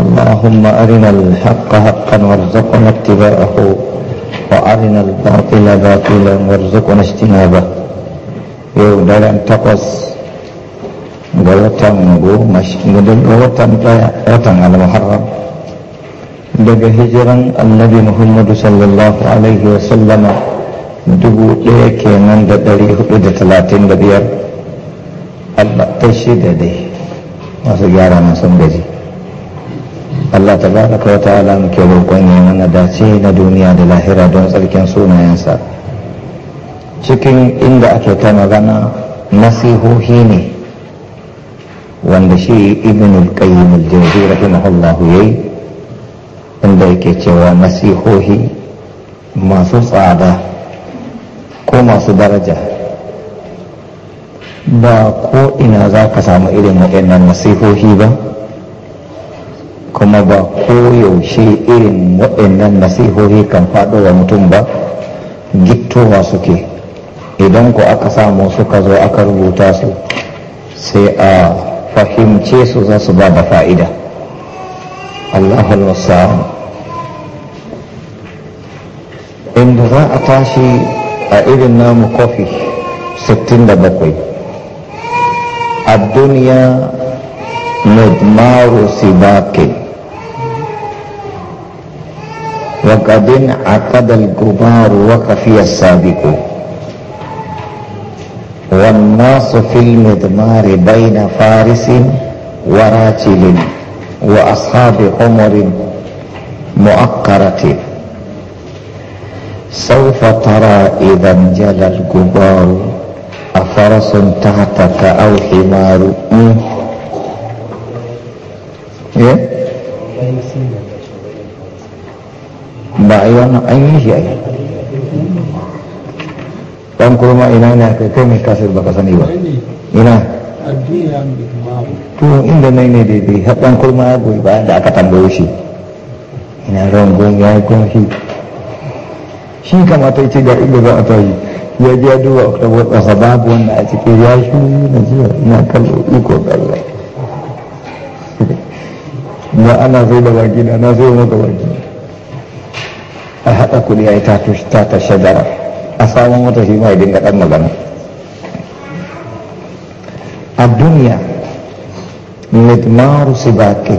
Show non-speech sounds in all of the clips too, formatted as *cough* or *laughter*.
اللهم أرنا الحق حقا وارزقنا اتباعه وأرنا الباطل باطلا وارزقنا اجتنابه yau daren takwas ga watan goma ga watan daya watan al-muharram daga hijiran annabi muhammadu sallallahu alaihi wa sallama dubu ɗaya kenan da ɗari hudu da talatin da biyar allah ta shida dai gyara na sun gaji Allah ta baraka wa ta'ala muke roƙon yi mana dace na duniya da lahira don tsarkin sunayensa cikin inda ake ta magana nasihohi ne wanda shi ibn al-qayyim al-jawzi rahimahullah yayi inda yake cewa nasihohi masu tsada ko masu daraja ba ko ina za ka samu irin waɗannan nasihohi ba kuma ba koyaushe irin waɗannan nasihohi kan faɗo wa mutum ba gittowa suke idan ku aka samu suka zo aka rubuta su sai a fahimce su za su ba da fa'ida allahul inda za a tashi a irin namu kofi 67 a duniya mudmaru sibakin وقد انعقد الكبار وخفي السابق والناس في المضمار بين فارس وراجل وأصحاب عمر مؤقرة سوف ترى إذا انجلى الغبار أفرس تحتك أو حمار إيه؟ ba a yi wannan an yi shi kurma ina ne kai kai mai kasar baka ba ina to inda nai ne daidai har ɗan kurma ya goyi bayan da aka ina rangon ya yi kuma shi shi kamata ya ce ga inda za ya ji ya duba oktobar ɗansa babu wanda a cikin ya shi na jiya ina kallo iko ɗalla *laughs* ba ana sai da baki na na sai maka baki a haɗa kuɗi ya yi ta shajara a samun wata shi ma ya dinga ɗan magana a duniya midmaru sibakin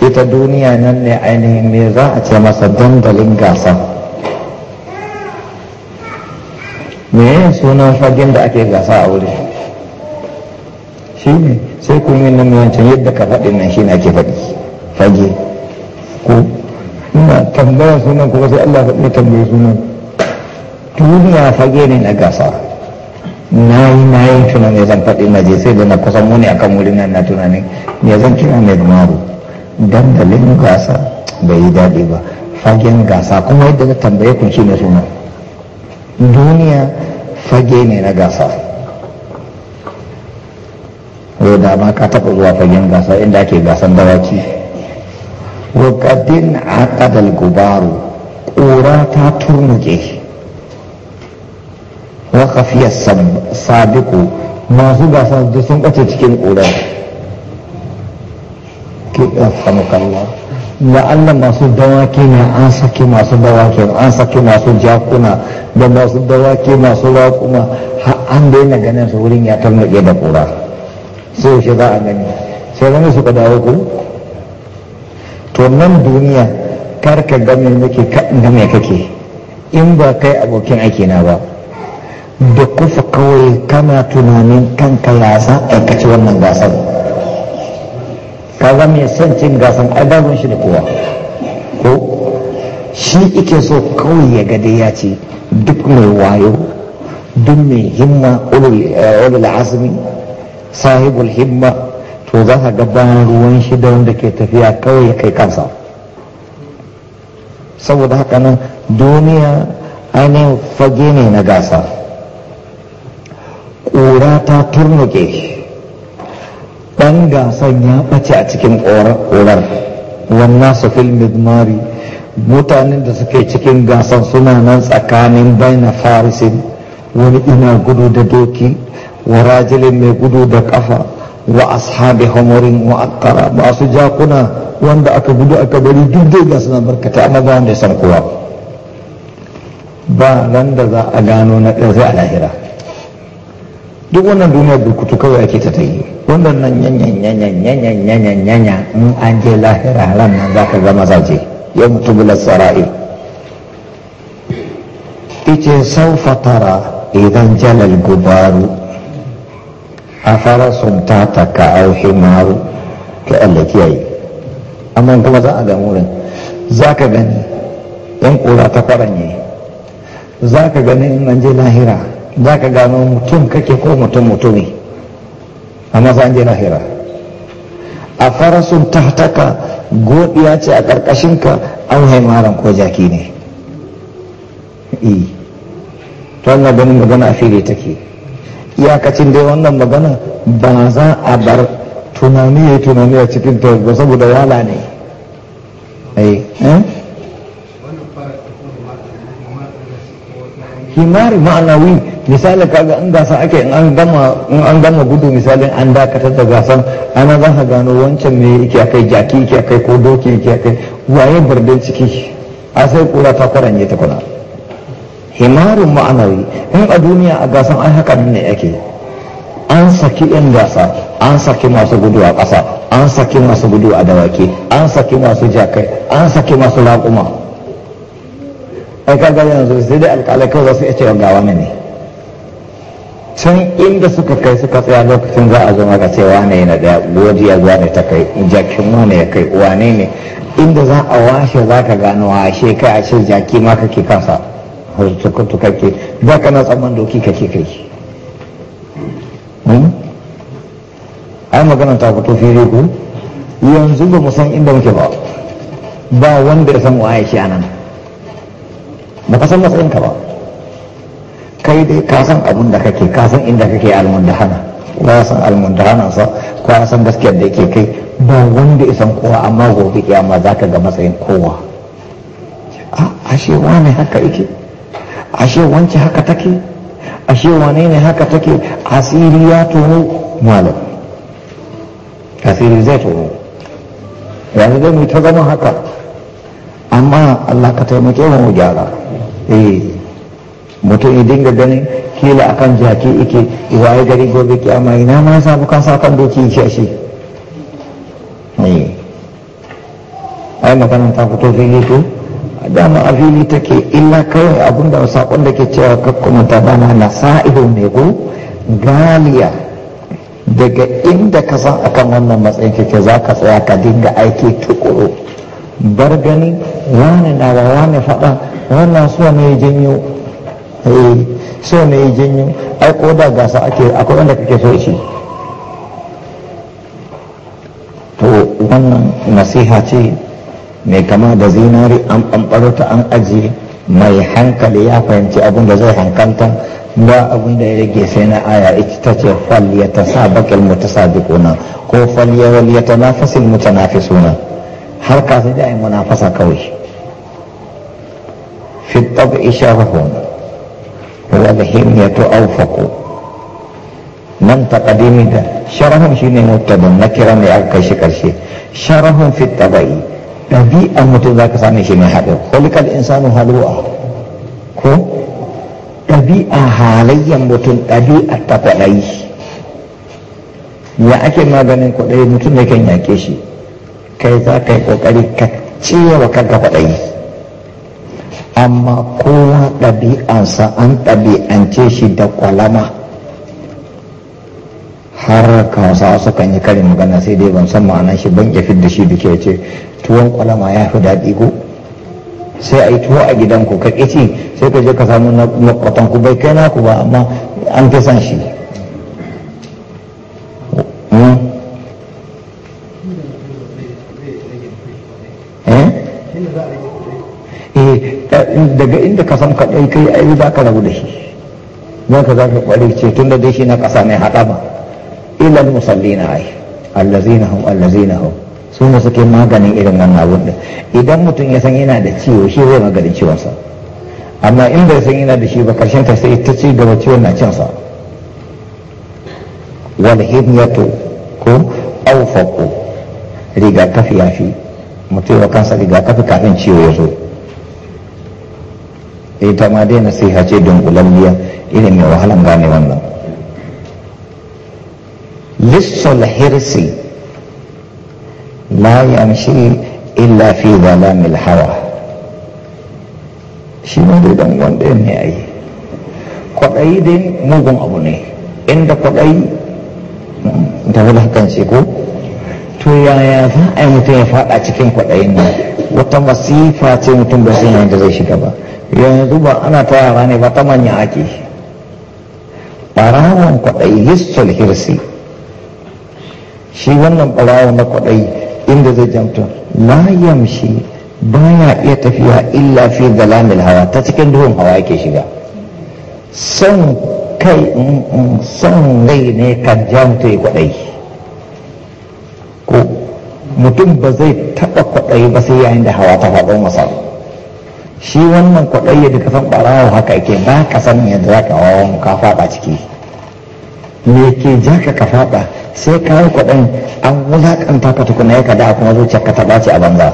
ita duniya nan ne ainihin me za a ce masa dandalin gasa me yin sunan fagen da ake gasa a wuri shi ne sai kun yi nan yancin yadda ka faɗi nan shi ne ake faɗi fage ko ana sunan kuma sai Allah ya tambaye sunan duniya fage ne na gasa na yi na yi tunani zan faɗi na je sai da na kusan muni akan wurin nan na tunanin me zan kira mai gumaru dandalin gasa bai yi daɗi ba fagen gasa kuma yadda na tambaye kun shi ne sunan duniya fage ne na gasa yau da ma ka taɓa zuwa fagen gasa inda ake gasan dawaki wakadin aqadal gubaru ƙura ta turnuke wakafiyar sabiku masu gasa da sun ɓace cikin ƙura kiɗa samukallah da Allah masu dawaki ne an saki masu dawaki an saki masu jakuna da masu dawaki masu raƙuma har an daina ganin su wurin ya tarnuke da ƙura sai yaushe za a gani sai wani suka dawo ku to nan duniya kar ka ga me nake ga me kake in ba kai abokin aiki na ba da kufa kawai kana tunanin kanka ya san aikaci wannan gasar zama mai son cin gasar ai shi da kowa ko shi ike so kawai ya ga dai ya ce duk mai wayo duk mai himma ulul eh, azmi sahibul himma to za ka ga ban ruwan shida wanda ke tafiya kawai kai kansa saboda haka nan duniya ainihin fage ne na gasa ƙura ta turnuke ɗan gasan ya ɓace a cikin ƙorar wannan su filmin mutanen da suke cikin gasan suna nan tsakanin baina farisin wani ina gudu da doki wa rajilin mai gudu da ƙafa wa ashabi humurin wa akara masu jakuna wanda aka gudu aka bari duk dai ga suna barkata amma ba wanda ya san kowa ba nan da za a gano na ɗin a lahira duk wannan duniyar burkutu kawai ake ta ta yi wannan nan yanyanyanyanyanyanyanya in an je lahira ran nan za ka zama zaje ya mutu bilar sara'i ita saufa tara idan jalal gubaru sun ta taka auhi maru ka yalla kiyaye amma kuma za a damu ran za ka gani yan kura ta kwaranye za ka gani in an je lahira za ka gano mutum kake ko mutum mutumi amma za an je lahira a sun ta taka godiya ce a ƙarƙashinka auhi maran ko jaki ne. to wannan ganin magana a fili take iyakacin dai wannan magana ba za a bar tunani ya tunani a cikin ta ba saboda wala ne eh, eh? himari ma'anawi misali kaga an gasa ake in an gama gudu misalin an dakatar da gasan ana za ka gano wancan ne yake akai jaki yake akai ko doki yake akai waye birnin ciki a sai kura ta kwaranye ta kwana himarin ma'anari in a duniya a gasan ai haka ne yake an saki yan gasa an saki masu gudu a ƙasa an saki masu gudu a dawaki an saki masu jakai an saki masu raƙuma ai kaga yanzu sai dai alƙalai kawai za su iya cewa gawa ne can inda suka kai suka tsaya lokacin za a zo maka ce wane na da godiya zuwa ne ta kai jakin wane ya kai wane ne inda za a washe za ka gano washe kai a ce jaki ma kake kansa harsukutu kake za ka tsamman doki ka ce kai hmm? ai magana ta fito fili ku yanzu ba mu san inda muke ba ba wanda ya san waye shi anan ba ka san ka ba kai dai ka san abin da kake ka san inda kake almundahana ka san almundahana sa ka san gaskiyar da yake kai ba wanda ya san kowa amma gobe kiyama za ka ga matsayin kowa a ah, ashe wane haka yake ashe wance haka take ashe wane ne haka take asiri ya tono malam asiri zai tono yanzu dai mu ta zama haka amma Allah ka taimake mu gyara eh mutum ya dinga ganin kila akan jaki ike waye gari gobe kiyama ina ma samu kasa kan doki yake shi eh. ai maganin ta fito fili to dama a fili take illa kawai abin da sakon da ke cewa kakkuma ta dama na sa'ido mai go galiya daga inda ka san akan wannan matsayin kake za ka tsaya ka dinga aiki tukuru bar gani wani na ba wani faɗa wannan so ne janyo eh, so ne janyo ai ko da gasa ake akwai wanda kake so shi to wannan nasiha ce mai kama da zinari an ɓanɓaro ta an ajiye mai hankali ya fahimci abin da zai hankalta ba abin da ya rage sai na aya ita ce fal ya ta sa bakil mutasabiquna ko fal ya wal ya ta mutanafisuna har ka sai da ai munafasa kawai fi tab'i sharhun wal himyatu awfaqu nan taqdimi da sharhun shine mubtada nakira mai aka shi karshe sharhun fi tab'i ɗabi'an mutum za ka same shi mai haɗin kwalikal insanin halwa ko ɗabi'a halayyar mutum ɗabi'a ta kwaɗayi ya ake maganin kwaɗayi mutum ne kan yaƙe shi kai za ka yi ƙoƙari ka ciyewa kanka kwaɗayi amma kowa ɗabi'ansa an ɗabi'ance shi da kwalama har kawasa kan yi karin magana sai dai ban san ma'ana shi ban ya da shi da ke ce tuwon kwalama ya fi daɗi ko sai a yi tuwo a gidanku ka ƙi sai ka je ka samu na ku bai kai naku ba amma an fi san shi hmm? eh? Eh, daga inda ka san ɗai kai ai za ka rabu da shi za ka za ka ƙwari ce tun da dai shi na ƙasa mai haɗa ba ilal musallina ai allazina hau allazina hau su ne suke maganin irin wannan abun da idan mutum ya san yana da ciwo shi zai maganin ciwonsa amma in bai san yana da shi ba karshen ta sai ta ci gaba ciwon na sa wal himyatu ko awfaqu kafi ya fi mutum ya kansa kafi kafin ciwo ya zo ita ma dai hace ce dunkulalliya irin mai wahalan gane wannan lissul hirsi la yamshi illa fi zalamil hawa shi ma dai dan wanda ne ai kwaɗayi dai mugun abu ne inda kwaɗayi da wulakanci ko to yaya za a yi mutum ya faɗa cikin kwaɗayin nan wata masifa ce mutum bai san yadda zai shiga ba yanzu ba ana ta yara ne ba ta manya ake ɓarawon kwaɗayi lissul hirsi shi wannan ɓarawon na kwaɗayi inda zai jamta la yamshi baya iya tafiya illa fi dalamil hawa ta cikin duhun hawa yake shiga son kai mm, mm, son rai ne kan jamta ya kwadai ko mutum ba zai taɓa kwaɗayi ba sai yayin da hawa ta faɗo masa shi wannan kwaɗayi da ka san haka yake ba ka san yadda za ka wawan ka faɗa ciki me ke jaka ka ka faɗa sai ka yi an wulaƙanta ka tukuna ya kada kuma zuciya ka taɓa ce a banza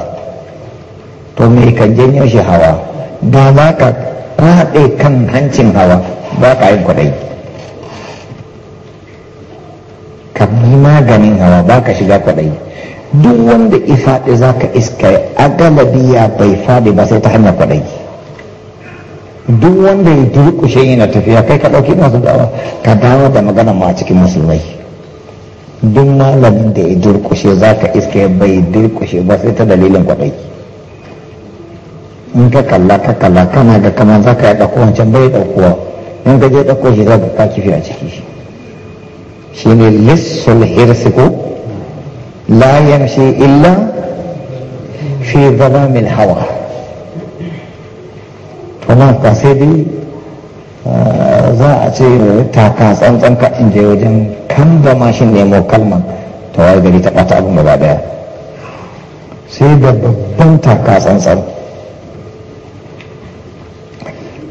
to me ka janyo shi hawa ba za ka faɗe kan hancin hawa ba ka yin kwaɗai ka bi maganin hawa ba ka shiga kwaɗai duk wanda ifaɗe za ka iska a galabiya bai faɗi ba sai ta hanyar kwaɗai duk wanda ya durƙushe yana tafiya kai ka ɗauki masu dawa ka dawo da magana ma cikin musulmai duk malamin da ya durƙushe za ka iska ya bai durƙushe ba sai ta dalilin kwaɗai in ka kalla ka kalla kana ga kama za ka yi ɗauko wancan bai ɗaukowa in ka je ɗauko shi za ka kaki kifi a ciki shi shi ne lissul hirsiko la yamshi illa fi mil hawa kamata sai dai ah, za a ce ka tsantsan ka in je wajen kan da mashin nemo kalman ta wai gari ta ɓata abin gaba daya sai da babban ka tsantsan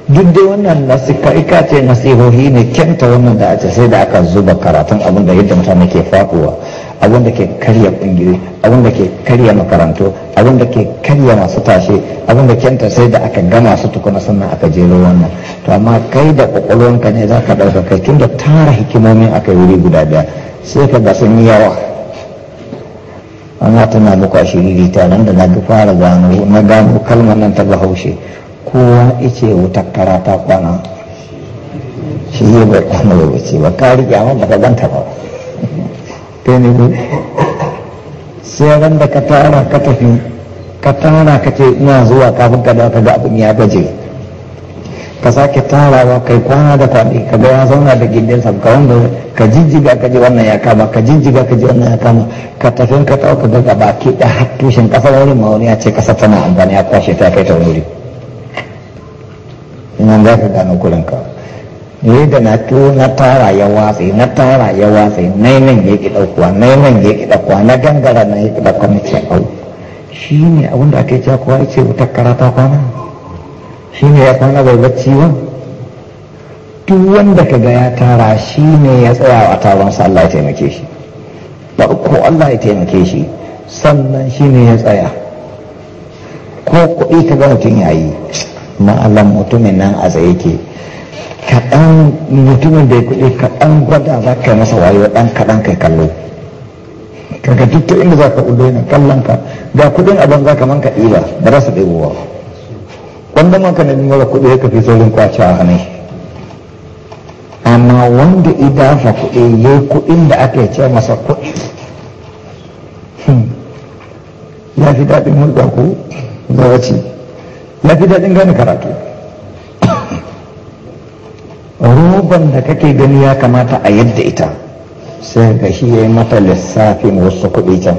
duk dai wannan nasika ika ce nasihohi ne kenta wannan da a ce sai da aka zuba karatun abin da yadda mutane ke faɗuwa abin da ke karya kungiyoyi abin da ke karya makarantu abin da ke karya masu tashe abin da kenta sai da aka gama su tukuna sannan aka jero wannan to amma kai da ka ne za ka ɗauka kai tun da tara hikimomin aka wuri guda biyar sai ka ga sun yi yawa ana tana muku a shiriri ta da na fara gano na gano kalmar nan ta bahaushe kowa ice wutar karata kwana shi yi bai kwana bai wuce ba ka rike amma ka ganta ba ta ne ku da ka tara ka tafi ka tara ka ce ina zuwa kafin ka da ka ga abin ya gaje ka sake tarawa kai kwana da kwani ka ga ya zauna da gindin sa ka wanda wannan wannan ka ka tauka tushen kasar wurin ce kasar tana amfani ya kwashe ta kai ta wuri gano ne da na tu na tara ya watsi na tara ya watsi na nan ya ki ɗaukuwa na nan ya ki ɗaukuwa na gangara na ya ki ɗaukuwa na ce au shi ne abinda ake cewa kowa ya ce wuta karata kwana shi ne ya kwana bai bacci ba duk wanda ka ga ya tara shi ne ya tsaya a taron sa Allah ya taimake shi da ko Allah ya taimake shi sannan shi ne ya tsaya ko kuɗi ka ga mutum ya yi ma'alam mutumin nan a tsaye ke kaɗan mutumin da ya kuɗi kaɗan gwada za ka masa wayo ɗan kaɗan kai kallo kaga duk inda za ka kuɗo na kallon ka ga kuɗin abin za ka man ka ɗiba ba za su ɗebo ba wanda man ka nemi mara kuɗi ya ka fi saurin kwace a hannun amma wanda ya dafa kuɗi ya yi kuɗin da aka ce masa kuɗi hmm. ya fi daɗin hulɗa ko zawaci ya fi daɗin gani karatu ruban da kake gani ya kamata a yadda ita sai ga shi ya yi mata lissafin wasu kuɗi can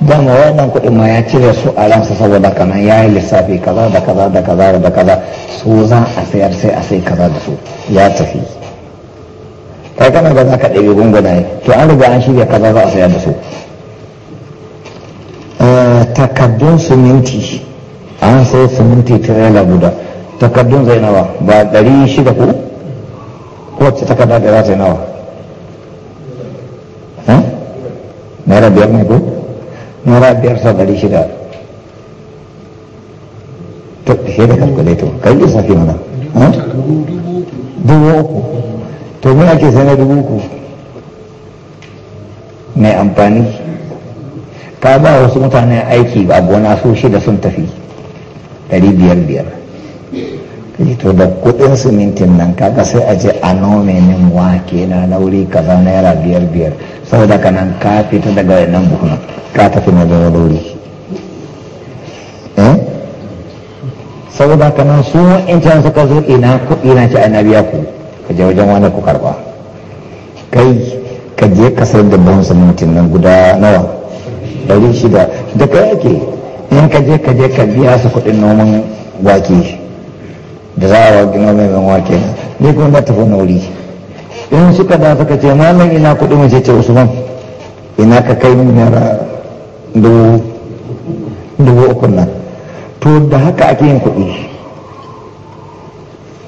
dama wannan kuɗin ma ya cire su a ransa saboda kana ya yi lissafi kaza da kaza da kaza da kaza su za a sayar sai a sai kaza da su ya tafi kai kana ba za ka ɗabi gunguna to an riga an shirya kaza za a sayar da su eh, takaddun siminti an sai siminti tirela guda takaddun zainawa ba ɗari shida ko kowace takarda da za ta yi nawa eh? naira biyar ne ko naira biyar sau ɗari shida to shi da kalkuleto kai lissafi mana eh? dubu uku to me ake sai na dubu uku mai amfani ka ba wasu mutane aiki ba na su da sun tafi ɗari biyar biyar Eh, to da kudin simintin nan kaga sai a je a nome min wake na nauri kaza naira biyar biyar saboda ka nan ka fita daga wannan buhuna ka tafi na da nauri eh? saboda ka nan su can suka zo ina kuɗi na ci ana biya ku ka je wajen wani ku karba kai ka je ka sayar da buhun simintin nan guda nawa ɗari shida da kai yake. in ka je ka je ka biya su kuɗin noman wake da za a wagi mai ban wake ne kuma ta fona wuri. in suka da suka ce mai ina kuɗi mace ce usman ina ka kai min yara dubu uku nan to da haka ake yin kuɗi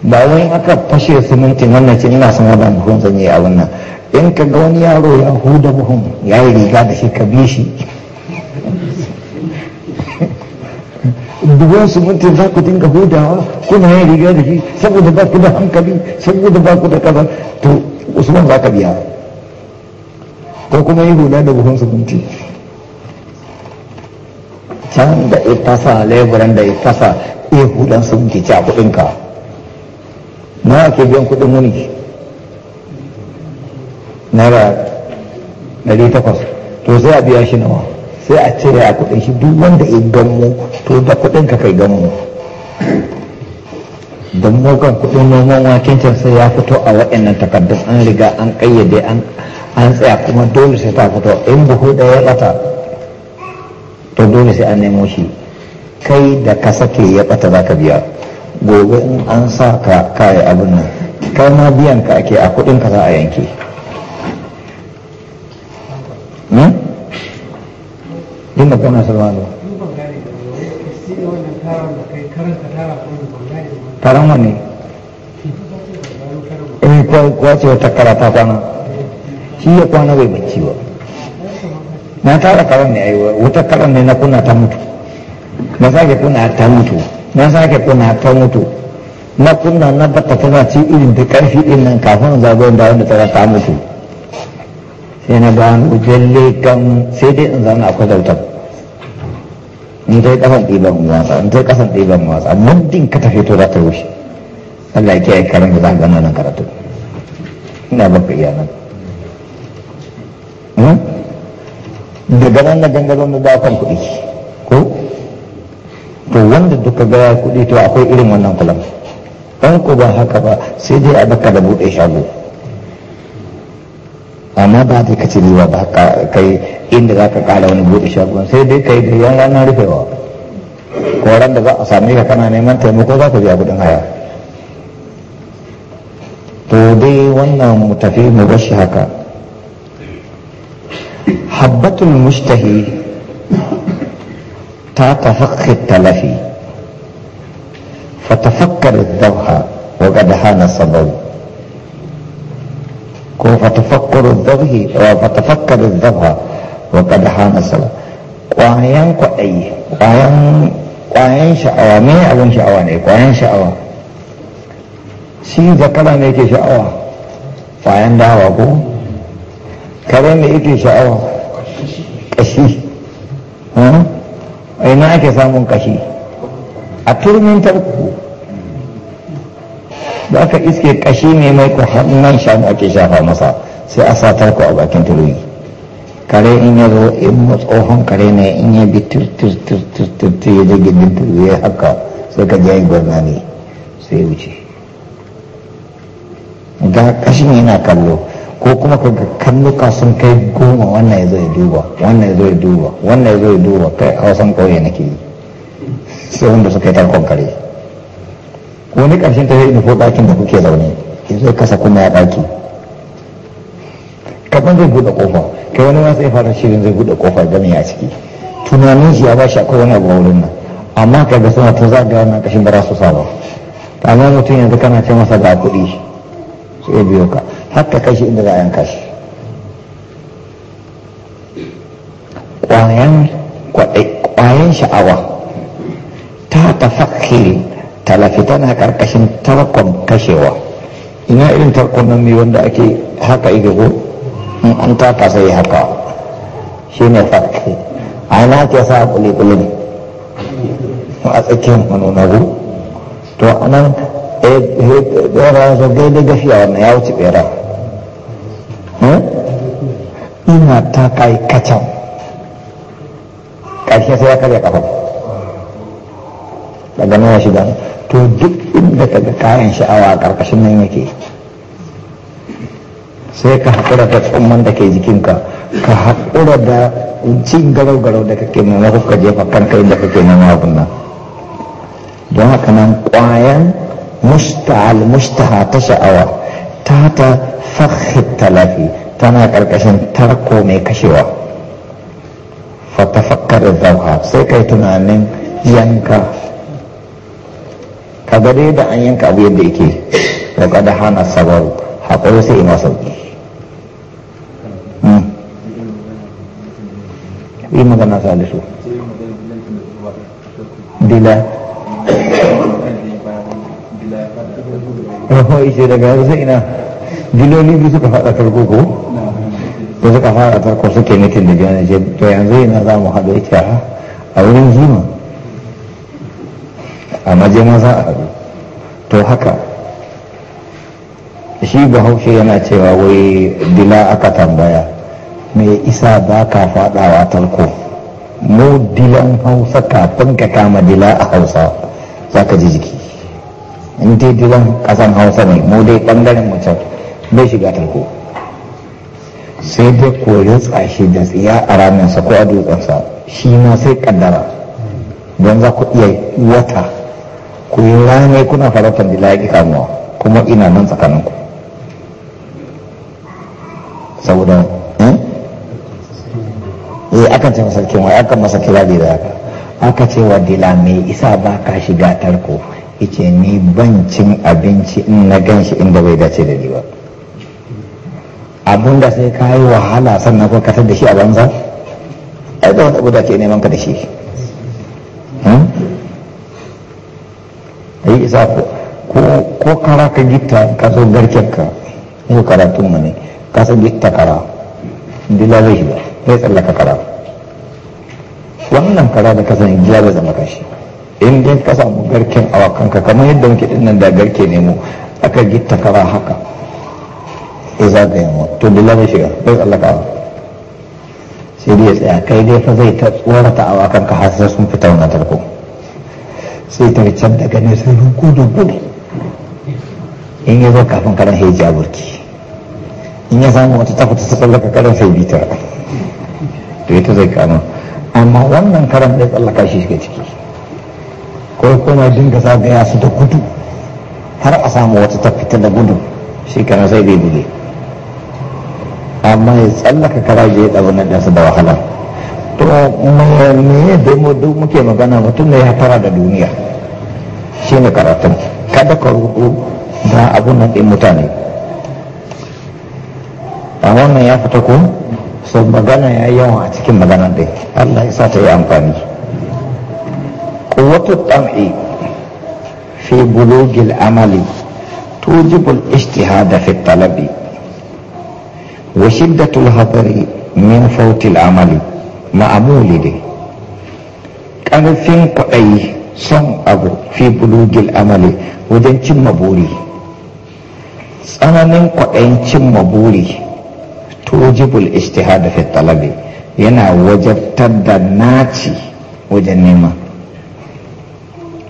ba wai aka fashe simintin wannan ce ina sama da buhun zan yi a wannan in ka ga wani yaro ya huda buhun ya yi riga da shi ka bi shi buwan siminti za ku dinga hudawa kuna yin riga da shi saboda ba ku da hankali saboda ba ku da kaza to usman za ka biya ko kuma yi hula da buhun siminti can da ya eh, fasa leburan da ya eh, fasa iya eh, hudan siminti ci a kuɗinka na ake biyan kuɗin wuni naira ɗari takwas to sai a biya shi nawa sai a cire a kudin shi duk wanda ya gammu to da kudin ka kai gammu don mokan kudin noman waken can sai ya fito a waɗannan takardun an riga an ƙayyade an tsaya kuma dole sai ta fito in buhu da ya bata to dole sai an nemo shi kai da ka sake ya bata za ka biya gobe in an sa ka kare abin nan kai ma biyan ka ake a kuɗin ka za a yanke hmm? din da kana sarwa ne taron wanne eh wata karata kwana shi ya kwana bai bacci ba na tara ne aiwa wata ne na kuna ta mutu na sake kuna ta mutu na sake kuna ta mutu na na bata tana irin da karfi din nan kafin da wanda tara ta mutu sai na gano jalle kan sai dai in zauna akwai zautar in zai kasan ɗiban wasa in dai kasan ɗiban wasa din ka tafi to za ta wuce Allah ya kiyaye karin da za ka gano nan karatu ina baka iya nan Da nan na gangaro na dakon kuɗi ko to wanda duka gaya kuɗi to akwai irin wannan kulan ɗan ku ba haka ba sai dai a baka da buɗe shago amma ba dai ka riba ba kai inda za ka kara wani buɗe shagon sai dai kai da yan ranar rufewa koran da za a same ka kana neman taimako za ka biya kudin haya to dai wannan mu tafi mu bar shi haka habbatul mushtahi ta tafakki talafi فتفكر الذبح وقد na الصبر ko fatafakkaru dhabhi wa fatafakkaru dhabha wa qad hana sala kwayan kwadai kwayan kwayan sha'awa me abun sha'awa ne kwayan sha'awa shi zakara ne yake sha'awa kwayan dawa kare ne yake sha'awa kashi hm? ina ake samun kashi a turmin tarko da ka iske kashi ne mai ku hannun shafa ake shafa masa sai a satar ku a bakin tururi kare in ya zo in matsohon kare ne in ya bi turturturturtur ya je gindin turugi ya haka sai ka jayi gwarna ne sai wuce ga kashin yana kallo ko kuma ka ga kalluka sun kai goma wannan ya zo ya duba wannan ya zo ya duba wannan ya zo ya duba kai a wasan ƙauye nake yi sai wanda suka yi tarkon kare wani ƙarshen ta zai nufo ɗakin da kuke zaune ya zai kasa kuma ya ɗaki Kaɓan zai buɗe ƙofa kai wani ma sai fara shirin zai buɗe ƙofa game ya ciki tunanin shi ya ba shi akwai wani abu wurin nan amma ka ga suna ta zaga wannan ƙashin ba za su sa ba amma mutum yanzu kana ce masa ga kuɗi Su iya biyo ka haka kashi inda za a yanka shi ƙwayan sha'awa ta tafakkiri talafi tana karkashin tarkon kashewa ina irin tarkon nan ne wanda ake haka ido ko in an taka sai haka shi ne fakki a ina ke sa kulikulin a tsakiyar manuna ko to a nan ɗora zo gaida gafiya wannan ya wuce ɓera hmm? ina ta kai kacan ƙarshe sai ya karya kafa daga nan shi shiga to duk inda ka kayan sha'awa a ƙarƙashin nan yake sai ka haƙura da tsumman da ke jikinka ka haƙura da cin garau-garau da kake ko ka jefa kanka inda kake nema abin nan don haka nan ƙwayan musta'al mustaha ta sha'awa ta ta fakhit talafi tana ƙarƙashin tarko mai kashewa fa tafakkar zauha sai kai tunanin yanka A gare da an yanka abu yadda yake da kada hana sabaru haƙuri sai ima sauƙi hmm. yi diloli biyu suka faɗa farko ko da suka fara farko suke mitin da gane to yanzu ina za mu haɗu ita a wurin zima a maje za a haɗu to haka shi bahaushe yana cewa wai dila aka tambaya mai isa ba ka faɗawa talko mu dilan hausa kafin ka kama dila a hausa za ka ji jiki in dai dilan ƙasan hausa ne mu dai ɓangaren mutum bai shiga talko? sai dai koyon tsashi da tsiya a ranar sa ko a dutsensa shi ma sai kaddara don za ku iya wata ku yi rane kuna farautar da ya kamuwa kuma ina nan tsakaninku saboda eh, eh akan ce masa kewa akan masa kira da haka aka ce wa dila mai isa ba ka shiga tarko ice ni bancin abinci in na gan shi inda bai dace da ni ba abun da sai ka yi wahala sannan ko katar da shi a banza ai da wani abu da ke neman ka da shi hmm? yi eh, isa ko kara ka gita ka zo garken ka yi karatun mu ne ka san gita kara dila lalashi ba zai tsallaka kara wannan kara da ka sani jiya da zama kashi in dai ka samu garken wakanka kamar yadda muke dinnan da garke ne mu aka gita kara haka iza ga yamma to da lalashi shiga zai tsallaka ba sai dai ya tsaya kai dai fa zai ta tsorata a har sai sun fita wannan tarko sai ta can da ne sai ruku da gudu in ya zo kafin karan sai ja burki in ya samu wata ta fita tsallaka karan sai bita to ita zai kano amma wannan karan da tsallaka shi shiga ciki ko kuma dinga zagaya su da gudu har a samu wata ta fita da gudu shi kana sai bai buge amma ya tsallaka karaje ya ɗabi nan ɗansa da wahala to me da mu duk muke magana mutum ne ya tara da duniya shi ne karatun kada ka rudu abu abun nan ɗin mutane a wannan ya fita ko So magana ya yawa a cikin magana ɗin allah ya sa ta yi amfani kuwatu tam'i fi bulugil amali tujibul ha fi talabi wa shiddatul hadari min fawtil amali ma'amuli dai ƙarfin kwaɗayi son abu fi bulugil amali wajen cimma buri tsananin kwaɗayin cimma buri tujibul istihada fi talabi yana wajabtar da naci wajen nema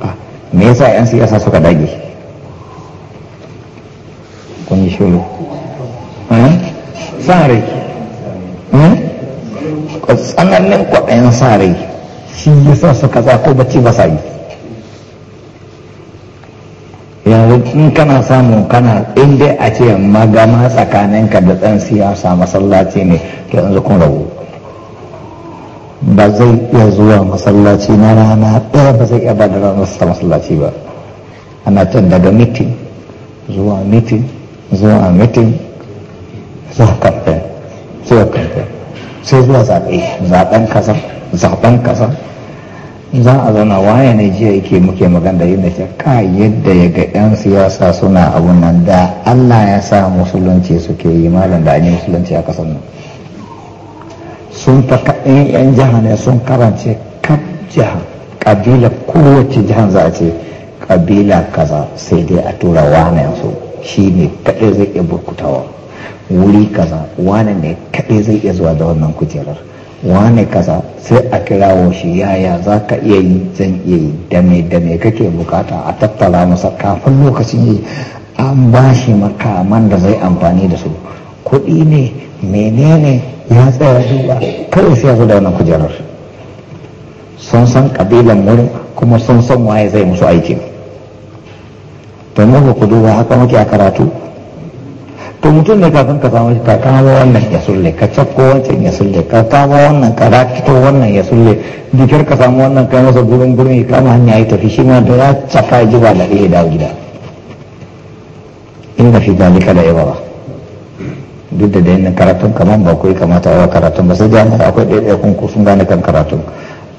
ah, me yasa 'yan siyasa suka dage kun yi shulu eh? rai eh? tsananin kwaɗayin sa rai shi ya sa su za ko bacci ba sa yi yanzu in kana samu kana in dai a ce magama tsakaninka da ɗan siyasa masallaci ne to yanzu kun rabu ba zai iya zuwa masallaci na rana ɗaya ba zai iya ba da ranar ta masallaci ba ana can daga mitin zuwa mitin zuwa mitin zuwa kafin zuwa kamfen sai zuwa zaɓe zaɓen kasa zaɓen kasa za a zauna waye ne jiya yake muke magana da yadda ce ka yadda ya ga 'yan siyasa suna abun nan da allah ya sa musulunci suke yi malam da an yi musulunci a kasar nan sun ta kaɗin 'yan jiha ne sun karance kaf jiha ƙabila kowace jihar za a ce ƙabila kaza sai dai a tura wane yanzu shi ne kaɗai zai iya burkutawa wuri kaza wane ne kaɗai zai iya zuwa da wannan kujerar wane kaza sai a kira shi yaya za ka iya yi zan iya yi dame dame kake bukata a tattara masa kafin lokacin yi an ba shi makaman da zai amfani da su kuɗi ne menene ya tsaya duba kai sai ya zo da wannan kujerar sun san kabilan wurin kuma sun san waye zai musu aikin domin ku duba haka muke a karatu to mutum ne kafin ka samu ka kamo wannan ya sulle ka cakko wancan ya sulle ka kamo wannan ka rakito wannan ya sulle dikar ka samu wannan kai masa gurin gurin ya kama hanya ya tafi shi ma da ya caka ji ba da ya dawo gida inda fi nika da yawa duk da daina karatun kaman ba ku kamata a karatun ba sai da yana akwai ɗaya ɗaya kunku sun gane kan karatun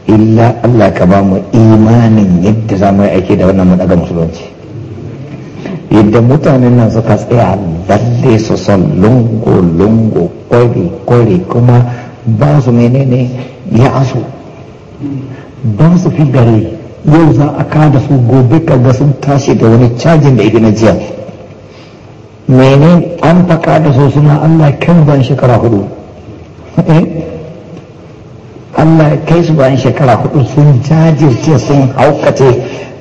illa Allah ka ba mu imanin yadda za mu yi aiki da wannan mu daga musulunci yadda mutanen nan suka tsaya lalle su son lungo-lungo kwari-kwari kuma ba su menene ya aso ba su fi gare yau za a kada su gobe kaga sun tashi da wani cajin da ibi na jiya mene an faka da su suna allah kyan ban shekara hudu eh? Allah ya kai su bayan shekara hudu sun jajirce sun haukace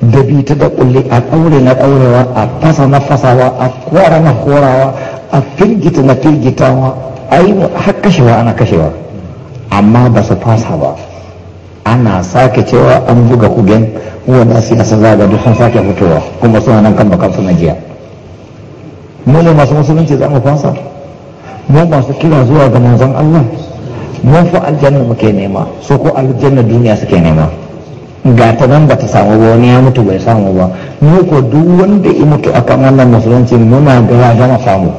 da bita da kulle a ɗaure na ɗaurewa a fasa na fasawa a kwara na korawa a firgita na firgitawa a yi har kashewa ana kashewa amma ba su fasa ba ana sake cewa an buga kugen wanda siyasa zaga duk sun sake fitowa kuma suna nan kan bakan suna jiya mu ne masu musulunci za mu fasa mu masu kira zuwa ga manzon Allah mu fa aljanna muke nema su ko aljanna duniya suke nema ga ta nan ba ta samu ba wani ya mutu bai samu ba mu ko duk wanda ya mutu a wannan musulunci muna gara gama samu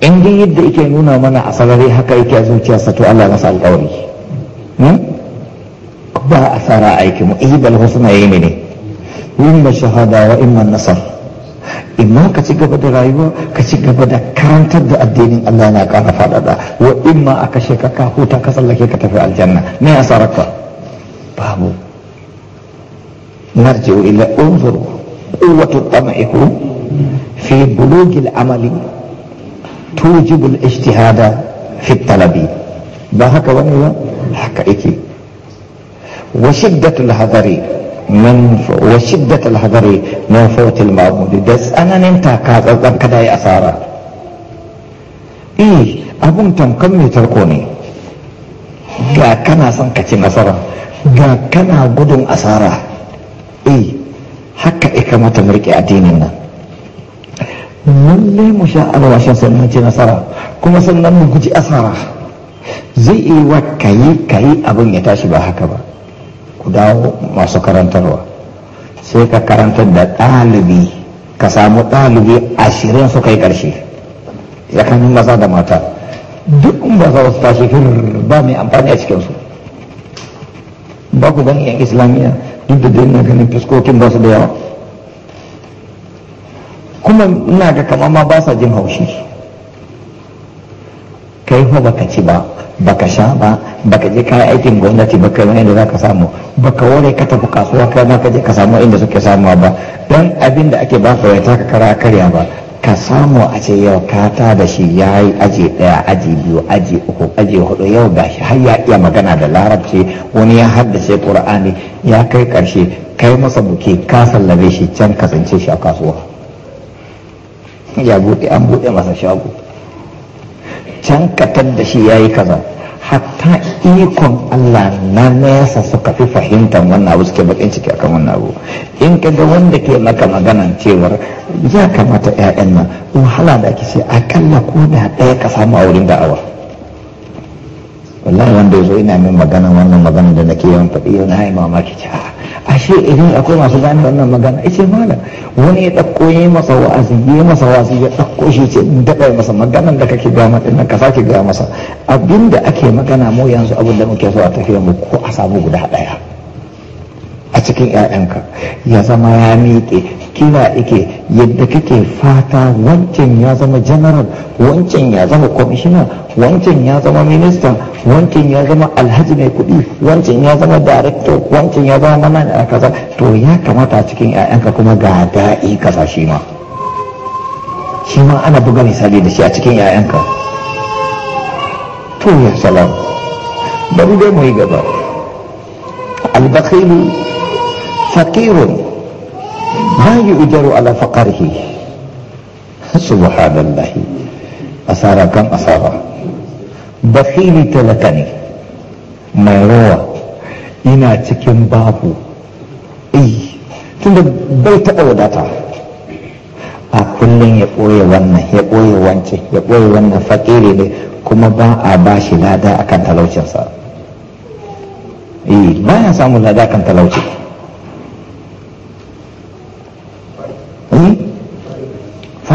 in dai yadda yake nuna mana a sarari haka yake zuciya zuciyarsa to Allah masa alƙawari hmm? ba a tsara aikinmu ihibal eh, husna yayi ne yin shahada wa imman nasar imma ka cigaba da rayuwa ka ci gaba da karantar da addinin Allah na ƙara faɗaɗa wa imma a kashe ka ka huta ka tsallake ka tafi aljanna me asararka babu narji'u ila unzuru quwwatu tam'ihu fi bulugil amali tujibu al-ijtihada fi talabi ba haka wani ba haka yake wa shiddatul hadari من وشدة الحذر من فوت المعبود da tsananin ننتا كاذب كذا يا أسارة إيه abun tamkan mai tarko ne ga kana son ka ci nasara ga kana gudun asara E, haka ya mata mu riƙe addinin nan lallai mu sha alwashin sannan ci nasara kuma sannan mu guji asara zai iya wa kayi kayi abin ya tashi ba haka ba ku dawo masu karantarwa sai ka karantar da ɗalibi ka samu ɗalibi ashirin su kai ƙarshe ya tsakanin maza da mata duk ba za su tashi ba mai amfani a cikinsu ba ku gani yan islamiyya duk da dai ganin fiskokin ba su da yawa kuma ina ga kamar ma ba sa jin haushi kai fa baka ci ba baka sha ba baka je kai aikin gwamnati ba kai wani da zaka samu baka ware ka tafi kasuwa kai ma ka je ka samu inda suke samuwa ba dan abin da ake baka wai taka kara karya ba ka samu a ce yau ka ta da shi ya yi aji daya aji biyu aji uku aji hudu yau shi har ya iya magana da larabci wani ya haddace qur'ani ya kai karshe kai masa buke ka sallame shi can kasance shi a kasuwa ya buɗe an buɗe masa shago can katar da shi ya yi kaza hatta ikon Allah na nesa suka fi fahimtar wannan abu suke bakin ciki akan wannan abu in ka ga wanda ke maka maganan cewar ya kamata 'ya'yan nan wahala da ake ce akalla ko da ɗaya ka samu a wurin da'awa wallahi wanda ya zo ina min magana wannan magana da nake yawan faɗi yau na yi mamaki ce ashe idan akwai masu gane wannan magana ice mala wani ya ɗauko yi masa wa'azi yi masa wa'azi ya ɗauko shi ce daɗa masa maganan da kake gama ɗin ka sake gaya masa abinda ake magana mu yanzu abin da muke so a tafiya mu ko a samu guda ɗaya a cikin 'ya'yanka ya zama ya miƙe kira ike yadda kake fata wancan ya zama general, wancan ya zama commissioner, wancan ya zama minister, wancan ya zama alhaji mai kuɗi wancan ya zama director, wancan ya zama mana a kaza to ya kamata a cikin 'ya'yanka kuma ga da'i kasa shi ma shi ma ana buga misali da shi a cikin 'ya'yanka to ya salam bari dai mu yi gaba albakilu fakirun bayu يؤجر ala فقره subhanallah asara أثار asara bakhili talakani mai rawa ina cikin babu eh tunda bai taɓa wadata a kullum ya ɓoye wannan ya ɓoye wancan ya ɓoye wannan fakiri ne kuma ba a ba shi lada akan talaucinsa eh ba ya samun lada akan talauci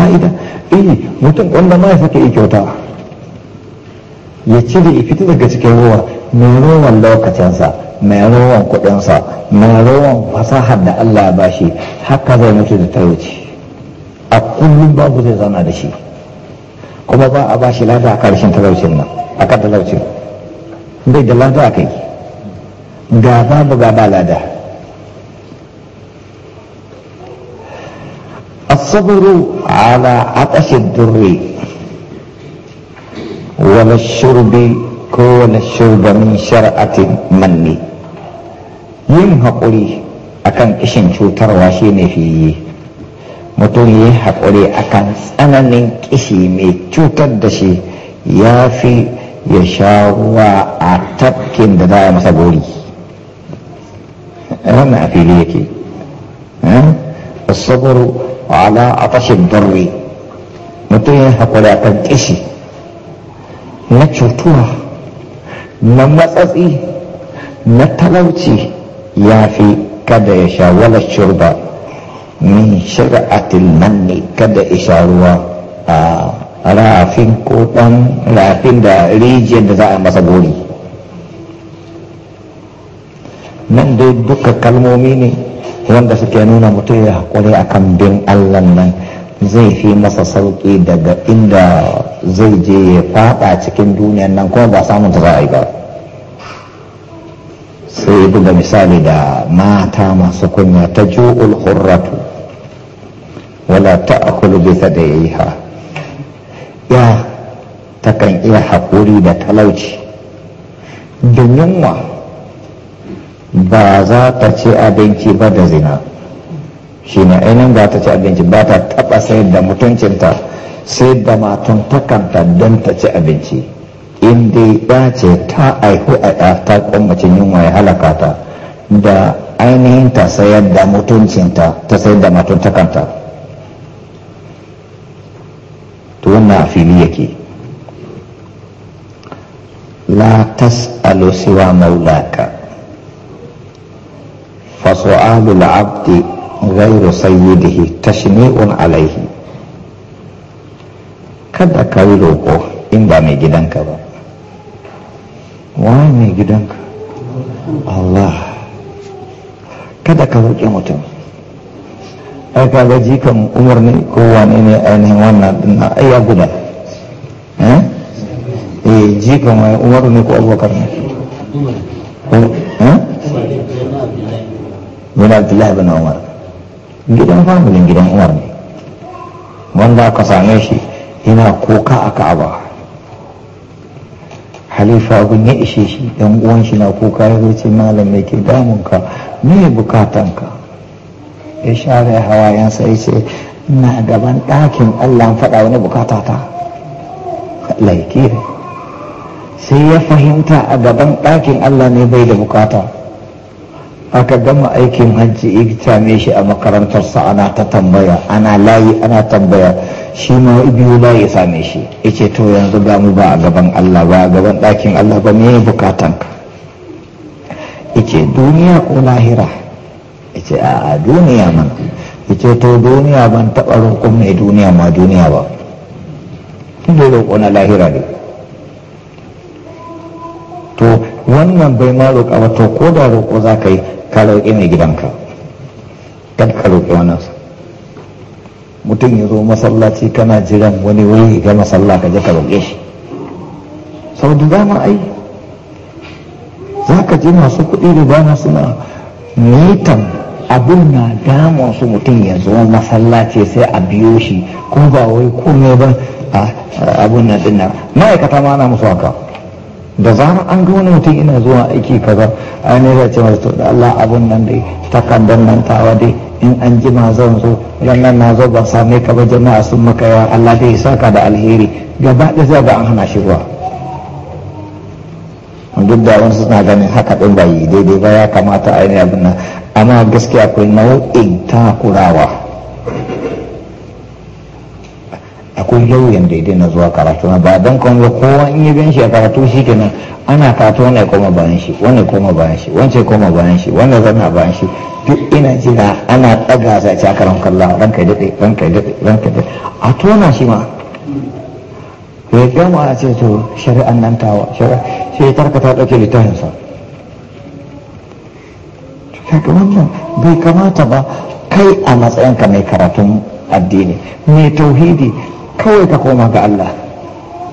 fa'ida eh mutum wanda ma ya sake yi kyauta ya cire ya ifita daga cikin ruwa mai rowan lokacinsa mai rowan kudinsa mai rowan fasahar da Allah ya bashi haka zai mutu da ta wuce. a kullum babu zai zana da shi kuma ba a bashi lada a karshen talaucin nan a kan talaucin bai da lada a kai ga babu ga ba lada قد صبروا على عطش الدر ولا الشرب كون الشرب من شرعة مني yin haƙuri akan kishin cutarwa shi ne fiye mutum yi haƙuri akan tsananin kishi mai cutar da shi ya fi ya sha ruwa a tafkin da za a masa gori wannan a fili yake الصبر ala fashin fashin mutum ya haƙuri kan kishi na cutuwa na matsatsi na talauci ya fi kada ya sha wala shurba min shir'atil manni kada ya sha ruwa a rafin ko ɗan rafin da rijiyar da za a masa gori nan dai duka kalmomi ne wanda suke nuna mutum ya haƙuri a kan bin allan nan zai fi masa sauƙi daga inda zai je ya faɗa cikin duniyan nan kuma ba samun ta za ba sai buga misali da mata masu kunya ta ju'ul hurratu wala ta'kulu bi tadayha ya takan iya haƙuri da talauci da yunwa ba za ta ci abinci ba da zina shi ne ainihin za ta ci abinci ba ta taɓa sayar da mutuncinta sai da matan takanta don ta ci abinci in dai ya ce ta aihu a ya ta kwamacin yunwa ya halaka ta da ainihin ta sayar da mutuncinta ta sayar da matan takanta to wannan a fili yake la tas'alu siwa maulaka فسؤال العبد غير سيده تشنيء عليه kada ka yi roƙo in ba mai gidanka ba wani mai gidanka Allah kada ka roƙe mutum ai ka ga jikan umar ne ko wane ne ainihin wannan guda eh jikan umar ne ko abubakar ne min abdullahi bin umar gidan famulin gidan umar ne wanda aka same shi yana kuka a ka'aba halifa abin ya ishe shi yan uwan shi na kuka ya zo ce malam mai ke damunka me bukatanka ya share hawayensa ya ce na gaban ɗakin allah faɗa wani bukata ta sai ya fahimta a gaban ɗakin allah ne bai da bukata aka gama aikin hajji ya same shi a makarantarsa ana ta tambaya ana layi ana tambaya shi ma biyu layi same shi ya ce to yanzu ga mu ba a gaban Allah ba a gaban ɗakin Allah ba me bukatanka ya ce duniya ko lahira ya ce a duniya man. ya ce to duniya ban taɓa roƙon mai duniya ma duniya ba. Ina ko na lahira ne. wannan bai ma roƙa ba to ko da roƙo za ka yi ka roƙe mai gidanka kan ka roƙe wannan sa mutum ya zo masallaci kana jiran wani wuri ga masalla ka je ka roƙe shi sau da dama ai za ka je masu kuɗi da dama suna nitan abin na damar su mutum ya zo masallaci sai a biyo shi ko ba wai komai ba a abin na dinnan ma'aikata ma ana musu haka da zarar an ga wani mutum ina zuwa aiki kaza a ne da ce masu da Allah abun nan dai takardar nan tawa dai in an jima zan zo ranar na zo ba same ka ba jama'a sun maka yawa Allah dai ka da alheri gaba da zai ga an hana shi ruwa duk da wani suna ganin haka din ba yi daidai ba ya kamata a abin nan amma gaskiya akwai nau'in takurawa akwai lauyan da ya na zuwa karatu na ba don kuma kowa in yi ganshi shi a karatu shi nan ana karatu wani koma bayan shi wani koma bayan shi wancan koma bayan shi wannan zana bayan shi duk ina jira ana ɗaga sa a karan kalla ranka daɗe ranka daɗe ranka daɗe a tona shi ma ya gama a ce to shari'an nan tawa shari'a sai ta ɗauke littafinsa kaga wannan bai kamata ba kai a matsayinka mai karatun addini mai tauhidi kawai ka koma ga Allah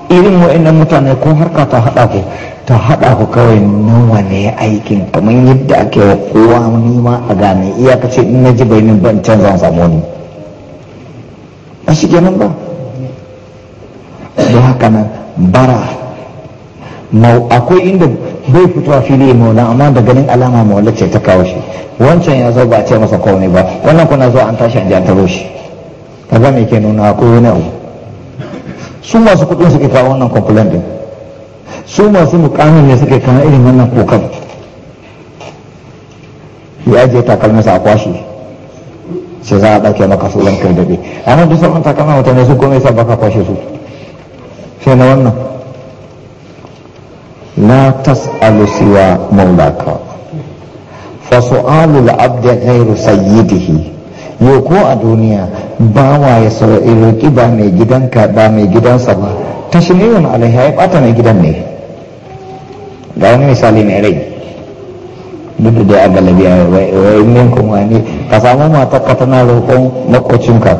irin wa'annan mutane ko harka ta haɗa ku ta haɗa ku kawai nawa ne aikin kamar yadda ake wa kowa ma a gane iyaka ce in na ji bai nan ban canza samu ni a shi kenan ba don haka nan bara akwai inda bai fitowa fili maula amma da ganin alama maula ce ta kawo shi wancan ya zo ba a ce masa komai ba wannan kuna zo an tashi an ji an taro shi ga me ke nuna akwai wani abu su masu kudin suke kawo wannan complaint din su masu mukamin ne suke kana irin wannan kokan ya ajiye takalmasa a kwashe sai za a ɗauke maka su kai dabe amma duk sauran takalma ne su kome sa baka kwashe su sai na wannan la tas'alu siwa maulaka fa su'alu al-abdi ghayru sayyidihi yau ko a duniya ba wa ya ki ba mai gidanka ba mai gidansa ba ta shi ne alaiha ya bata mai gidan ne ga wani misali mai rai duk da ya galabi a wai min kuma ne ka samu mata ka tana roƙon makocinka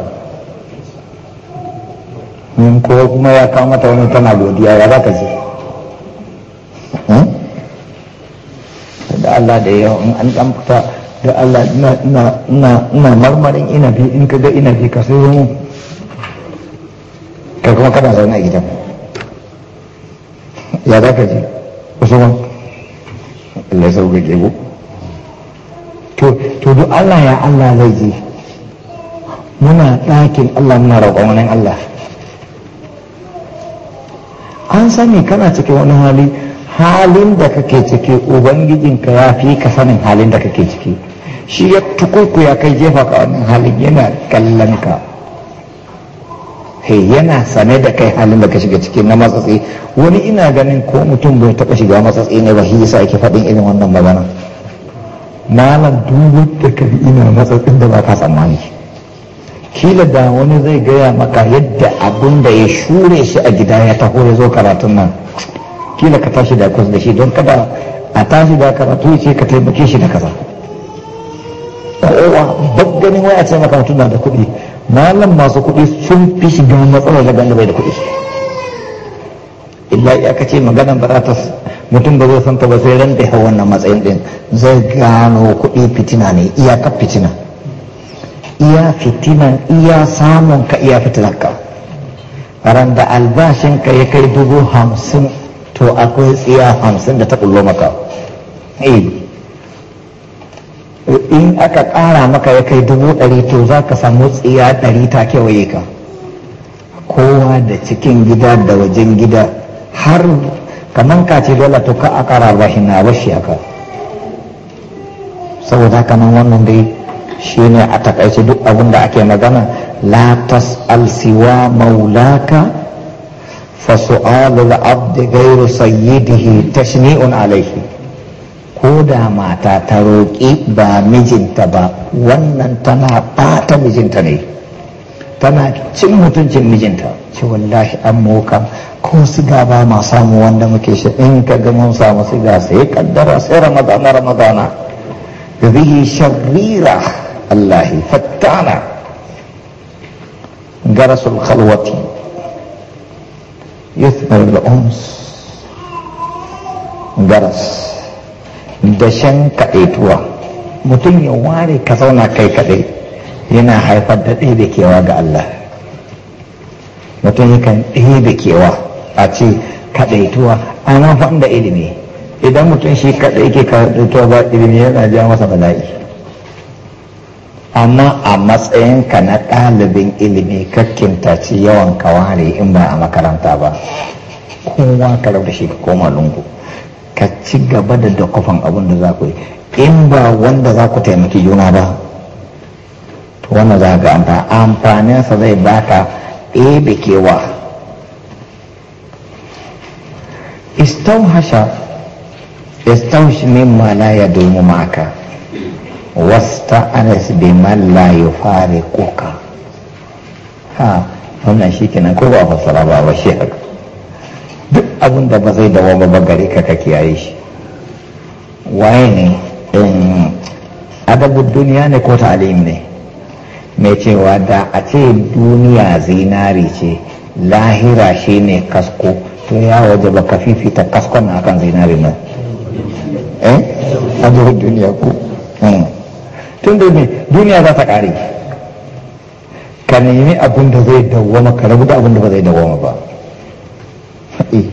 min ko kuma ya kawo mata wani tana godiya ya za ka ce hmm? da Allah da yau in an dan fita da Allah ina marmarin ina fi in ka ga fi ka sai mu ka kuma kana zaune a gidan ya za ka je ba Allah sau ga gego to duk Allah ya Allah zai je muna ɗakin Allah muna roƙon wani Allah an sani kana cikin wani hali halin da kake ciki ubangijinka ya fi ka sanin halin da kake ciki shi ya tukuku ya kai jefa ka wannan halin yana kallon ka yana sane da kai halin da ka shiga ciki na matsatsi wani ina ganin ko mutum bai taɓa shiga matsatsi ne ba shi yasa ake faɗin irin wannan magana malam duk da ka bi ina matsatsin da ba ka tsammani kila da wani zai gaya maka yadda abun da ya shure shi a gida ya taho ya zo karatun nan kila ka tashi da kwas da shi don kada a tashi da karatu ce ka taimake shi da kaza kowa bagganin waya ce maka mutum na da kuɗi malam masu kuɗi sun fi shi shiga matsalar da ganda bai da kuɗi illa ya kace magana ba za mutum ba zai santa ba sai ran da hau wannan matsayin din zai gano kuɗi fitina ne iyakar fitina iya fitinan iya samun ka iya fitinar ka ran albashin ka ya kai dubu hamsin to akwai tsiya hamsin da ta kullo maka eh. in aka ƙara maka ya kai dubu ɗari to za ka samu tsiya ɗari ta kewaye ka kowa da cikin gida da wajen gida har kamar ka ce dole to ka akara ba shi na bashi aka saboda kamar wannan dai shi ne a takaice duk abin da ake magana la alsiwa siwa maulaka Fasu'a فسؤال العبد غير سيده Ko da mata ta roƙe ba mijinta ba, wannan tana ɓata mijinta ne. Tana cin mutuncin mijinta ce wallahi an mokan ko siga ba ma samu wanda muke shi in ka ga mun samu siga sai kaddara sai ramadana ramadana bihi sharrira allahi fattana garasul khalwati يثمر الأمس garas dashen kaɗaituwa mutum ya ware ka zauna kai kaɗai yana haifar da ɗaya da kewa ga Allah mutum yakan ɗaya kewa a ce kaɗaituwa ana faɗin da ilimi idan mutum shi kaɗai ake ba ilimi yana ja masa bala'i amma a matsayinka na ɗalibin ilimi ta ci yawan kawari in ba a makaranta ba kowa ka rauta shi ka koma lungu ka ci gaba da dakofan abin da za ku yi in ba wanda za ku taimaki juna ba to wanda za ga amfaninsa zai baka ebe kewa Istau Hasha shi ne mimma la ya maka wasta anas bi man la yufariquka ha wannan shi kenan ko ba fasara ba ba shi duk abin da ba zai dawo ba gare ka ka kiyaye shi waye ne in adabin duniya ne ko ta'alim ne mai cewa da a ce duniya zinari ce lahira shi ne kasko to ya waje ba ka fifita kaskon na kan zinari nan eh adabin duniya ko hmm. tun da duniya za ta ƙare ka nemi abin da zai dawwama ka rabu da abin da ba zai dawwama ba eh.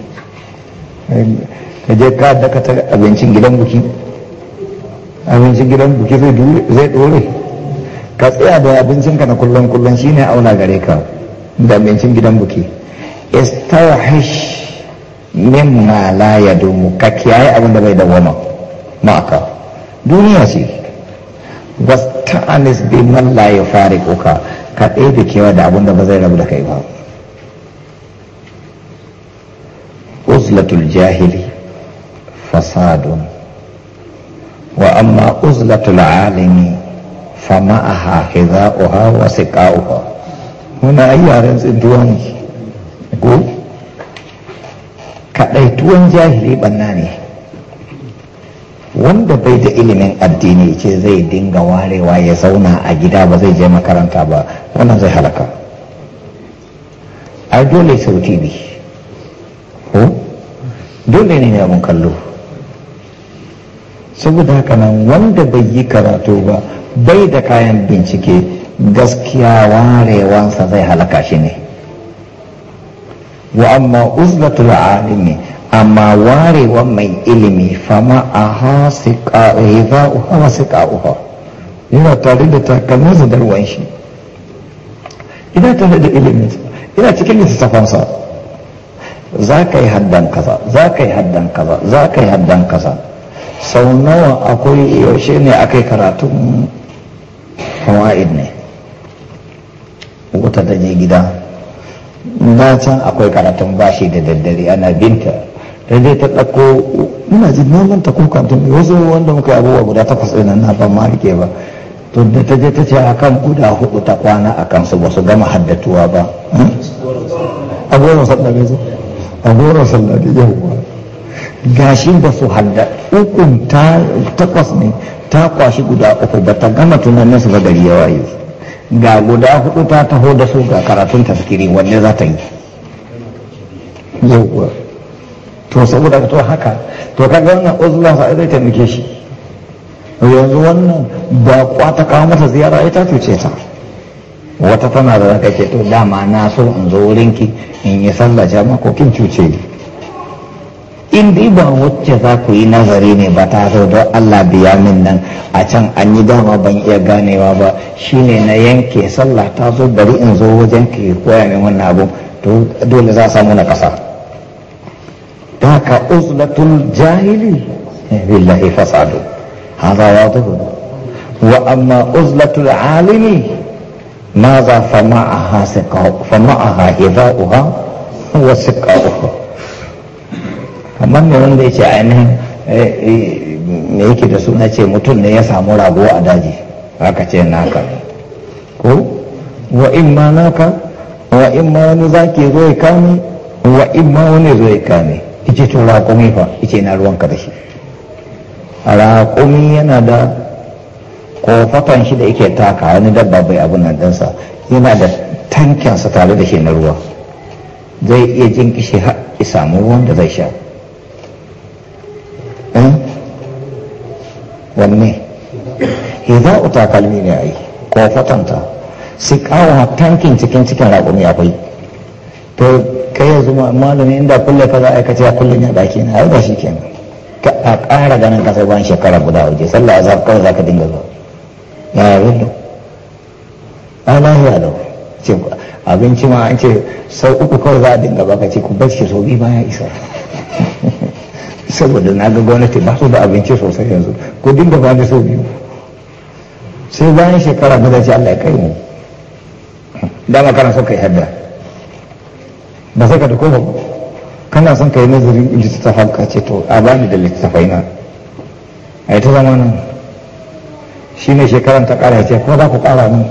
ka je ka dakatar abincin gidan buki abincin gidan buki zai dore ka tsaya da ka na kullum kullum shine auna gare ka da abincin gidan buki istawahish mimma la yadumu ka kiyaye abin da bai dawwama ma'aka duniya ce wasta'anis bi man la yufariquka ka ɗebe kewa da abin da ba zai rabu da kai ba uzlatul jahili fasadun wa amma uzlatul alimi fa ma'aha hidha'uha wa siqa'uha muna yaren tsintuwa ne ko kaɗaituwan jahili ɓanna ne wanda bai da ilimin addini ce zai dinga warewa ya zauna a gida ba zai je makaranta ba wannan zai halaka a dole sauti ne ko dole ne abin kallo saboda haka nan wanda bai yi karatu ba bai da kayan bincike gaskiya warewansa zai halaka shi ne wa amma uzlatul alimi amma warewa mai ilimi fama a hasi ka'uha yana tare da takalminsa da ruwan shi ina tare da ilimin ina cikin littattafansa za ka yi haddan kaza za ka yi haddan kaza za ka yi haddan kaza sau nawa akwai yaushe ne aka yi karatun hawa'id ne wata da je gida na can akwai karatun bashi da daddare ana binta da zai ta ɗauko ina jin neman ta kuka tun wasu wanda muka abubuwa guda takwas ɗin na ban ma rike ba to da ta je ta ce akan guda hudu ta kwana a kansu ba su gama haddatuwa ba hmm? a goron sallah ne zo a goron sallah ne yawwa gashi ba su hadda ukun ta takwas ne ta kwashi guda uku ba ta gama tunanin su ba gari ya waye ga guda hudu ta taho da su ga karatun tafkiri wanne za ta yi yauwa to saboda to haka to kaga wannan uzla sa zai taimake shi yanzu wannan ba kwa ta kawo mata ziyara ita cuce ta wata tana da zaka ce to dama na so in zo wurinki in yi sallah jama'a ko kin cuce in dai ba wacce za ku yi nazari ne ba ta zo don Allah biya min nan a can an yi dama ban iya ganewa ba shine na yanke sallah ta zo bari in zo wajen ke koya min wannan abu to dole za a samu na kasa ta ka uzlatul jahili eh, billahi fasadu ya wadhu wa amma uzlatul alimi ماذا فمعها سقاؤها فمعها إذاؤها وسقاؤها kamar mai wanda ya ce ainihin eh, eh, me yake da suna ce mutum ne ya samu rago a daji haka ce naka ko wa in ma naka wa in ma wani zaki zo ya kame wa in ma wani zo ya kame ice to raƙumi fa ice na ruwanka da shi raƙumi yana da kofatan shi da yake taka wani dabba bai abun nan ɗinsa yana da tankinsa tare da shi na ruwa zai iya jin kishi har samu ruwan da zai sha wanne idan uta kalmi ne ai ko fatanta sai kawo tankin cikin cikin raƙumi akwai to kai yanzu malami inda kulle kaza aikace ya kullum ya daki na ai ba shi kenan ka a ƙara ganin sai bayan shekara guda waje sallah azab kawai za ka dinga zuwa ya window a lahiya da ce abinci ma an ce sau uku kawai za a dinga baka ce ku bar shi sau biyu baya isa *laughs* saboda na ga gwamnati ba su da abinci sosai yanzu kudin da ba da sau biyu sai bayan shekara ba zai Allah ya kai mu dama kana son kai hadda ba sai ka da kuma kana son kai nazarin littattafan ka ce to a bani da littattafai na a ita zama nan shi ne shekaran ta kara ce kuma za ku kara nan.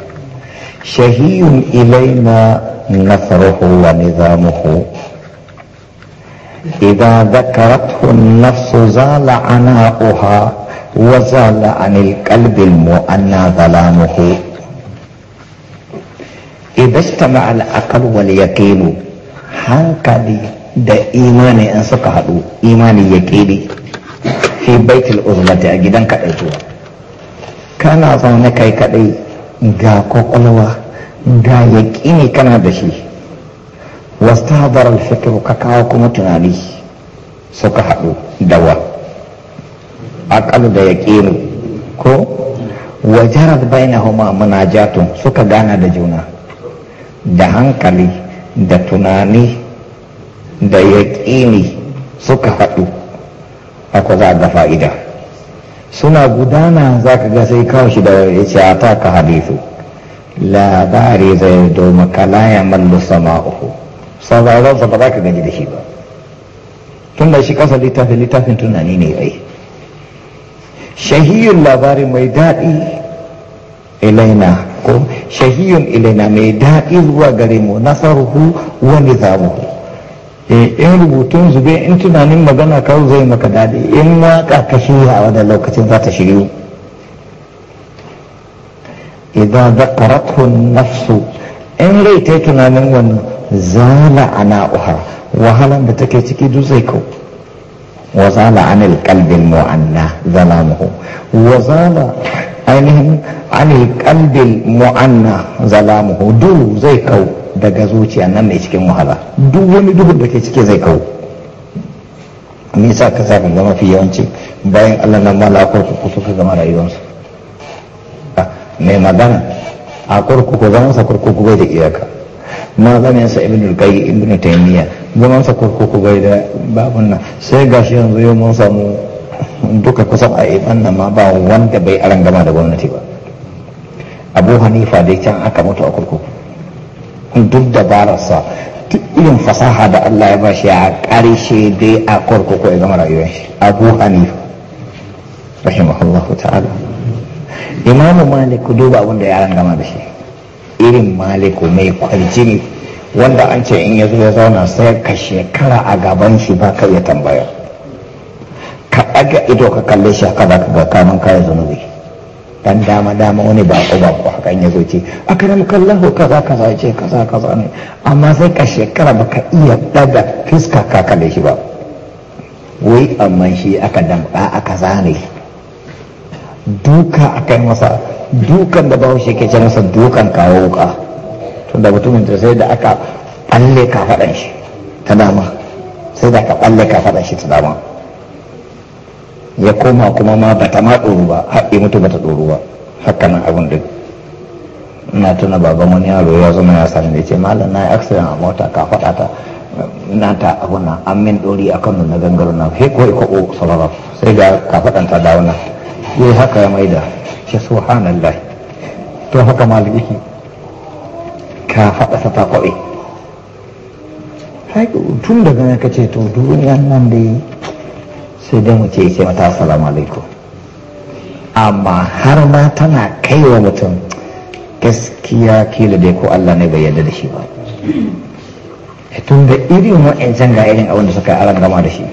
شهي إلينا نثره ونظامه إذا ذكرته النفس زال عناؤها وزال عن القلب المؤنى ظلامه إذا اجتمع العقل واليقين هكذا دائماً أنسقه إيمان يقين في بيت الأظلة أجدان كأجوا كان ظنك كأجوا ga kwakwalwa ga yaƙini kana da shi wasta hadarar fikir ka kawo kuma tunani suka haɗu dawa aƙalu da yaƙini ko wajarar muna jatun suka gana da juna da hankali da tunani da yaƙini suka haɗu akwai za a ga fa'ida suna gudana za ka ga sai kawo shi da ya ce a taka hadithu labari zai doma kalaya ya mallu uku sauraron sa ba za ka gani da shi ba tun da shi kasa littafin littafin tunani ne ai shahiyun labari mai daɗi ilaina ko shahiyun ilaina mai daɗi zuwa gare mu nasaruhu wani zamuhu Eh, in rubutun zube in tunanin magana kawai zai maka daɗi in waka ka shirya a wadda lokacin za ta shiryu idan zakaratun nafsu in rai ta tunanin wani zala ana uha wahalan da take ciki duk zai kau wa zala anil kalbin mu'anna zalamuhu wa zala ainihin anil kalbin mu'anna zalamuhu duk zai kau daga zuciya nan ne cikin wahala duk wani duhun da ke cike zai kawo nisa ka sa ga mafi yawanci bayan allah nan mala kurkuku suka gama rayuwarsu ah, mai magana a kurkuku zamansa kurkuku bai da iyaka maganinsa ibnu al-qayyim ibnu taymiya zamansa kurkuku bai da babun nan sai gashi yanzu yau mun samu duka kusan a iman nan ma ba wanda bai arangama da gwamnati ba abu hanifa dai can aka mutu a kurkuku duk dabararsa duk irin fasaha da Allah ya bashi a ƙarshe dai a kurkuku ya gama rayuwar shi abu hanifa rahimahullah ta'ala imamu Maliku duba wanda ya ran gama da shi irin maliku mai kwarjini wanda an ce in ya zo ya zauna sai ka shekara a gaban shi ba ka iya tambaya ka ɗaga ido ka kalle shi haka za ka ga kamun kayan zunubi dan dama dama wani ba ko ba ko hakan ya zo ce kallon ko kaza kaza ce kaza kaza ne amma sai ka shekara baka iya daga fiska ka kalle shi ba wai amma shi aka ba aka zane duka aka yi masa dukan da bawo shi ke ce masa dukan kawo wuka tunda mutumin da sai da aka balle ka faɗa shi ta dama sai da aka balle ka faɗa shi ta dama ya koma kuma ma bata ma ɗoru ba haɗe mutu bata ɗoru ba haka nan abin duk na tuna baban wani yaro ya zama ya sani da ce malam na yi accident a mota ka faɗa ta na ta abun nan an min ɗori a kan na gangaro na he ko iko sarara sai ga ka faɗan ta da wannan ya haka ya maida ce subhanallah to haka maliki ka faɗa sa ta kwaɓe tun daga ka ce to duniyan nan dai sai dai mace ce mata salamu alaikum amma har ma tana kai wa mutum gaskiya kila dai ko Allah ne bai yarda da shi ba e tun da irin wa'ancan ga irin abin da suka aran gama da shi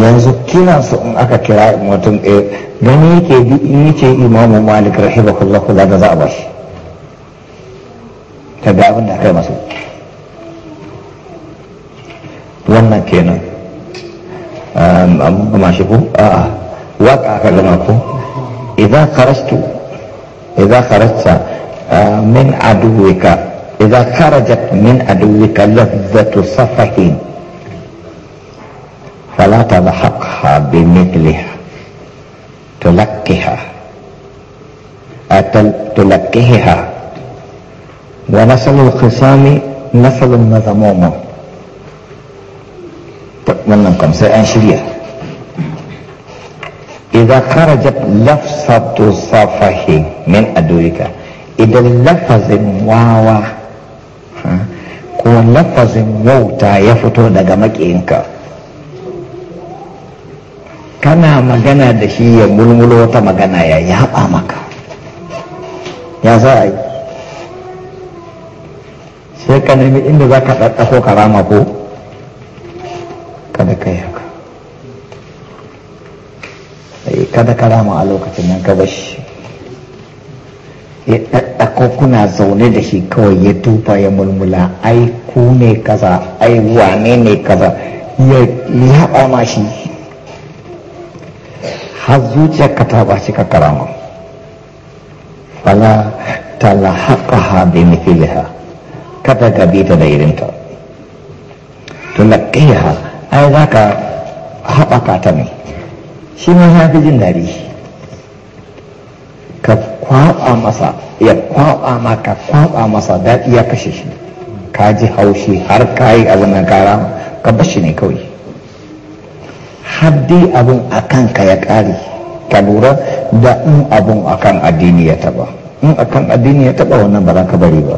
yanzu kina su in aka kira mutum ɗaya eh, gani yake bi in ce imamu malik rahimahullah kula da za a bashi ta ga abin da aka yi masu wannan kenan آه، آه. إذا خرجت إذا خرجت آه، من عدوك إذا خرجت من عدوك لذة صفح فلا تلحقها بمثلها تلكها تلكهها ونسل الخصام نسل مذموم wannan kam sai an shirya idan karajat lafsatu safahi min adurika idan lafazin wawa ko lafazin wauta ya fito daga makiyinka kana magana da shi ya mulmulo wata magana ya yaba maka ya za a yi sai ka nemi inda za ka ko karama ko kada ka yi haka eh, kada ka rama a lokacin nan ka bashi ya ɗaɗɗako kuna zaune da shi kawai ya tufa ya mulmula ai ku ne kaza ai wane ne kaza ya yaɓa ma shi har zuciyar ka ta bashi ka karama fala ta talahaqaha bi mithliha kada ka ta da irinta haka. ai za ka haɓaka ta ne shi ma ya fi jin daɗi ka kwaɓa masa ya kwaɓa ma ka kwaɓa masa daɗi ya kashe shi ka ji haushi har ka yi abu na gara ka bashi ne kawai har dai abin a kanka ya ƙare ka lura da in abin a kan addini ya taɓa in a kan addini ya taɓa wannan ba za ka bari ba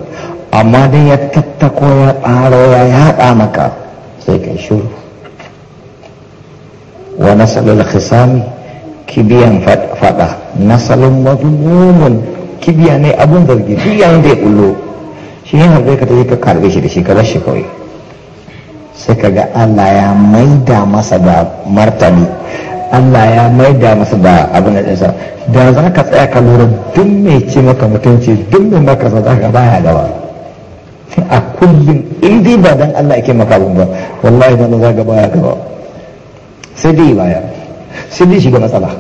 amma dai ya tattako ya ɓaro ya yaɗa maka sai ka shuru wa nasalul khisami kibiyan fada nasalun madmumun kibiya ne abun zargi duk da ya kullo shi yana zai ka tafi ka karbe shi da shi ka bar shi kawai sai kaga Allah ya maida masa da martani Allah ya maida masa da abin da sa da za ka tsaya ka lura duk mai ce maka mutunci duk mai maka sa za ka baya gaba a kullum in dai ba dan Allah yake maka abin ba wallahi ba za ka baya gaba sai dai baya sai dai shiga matsala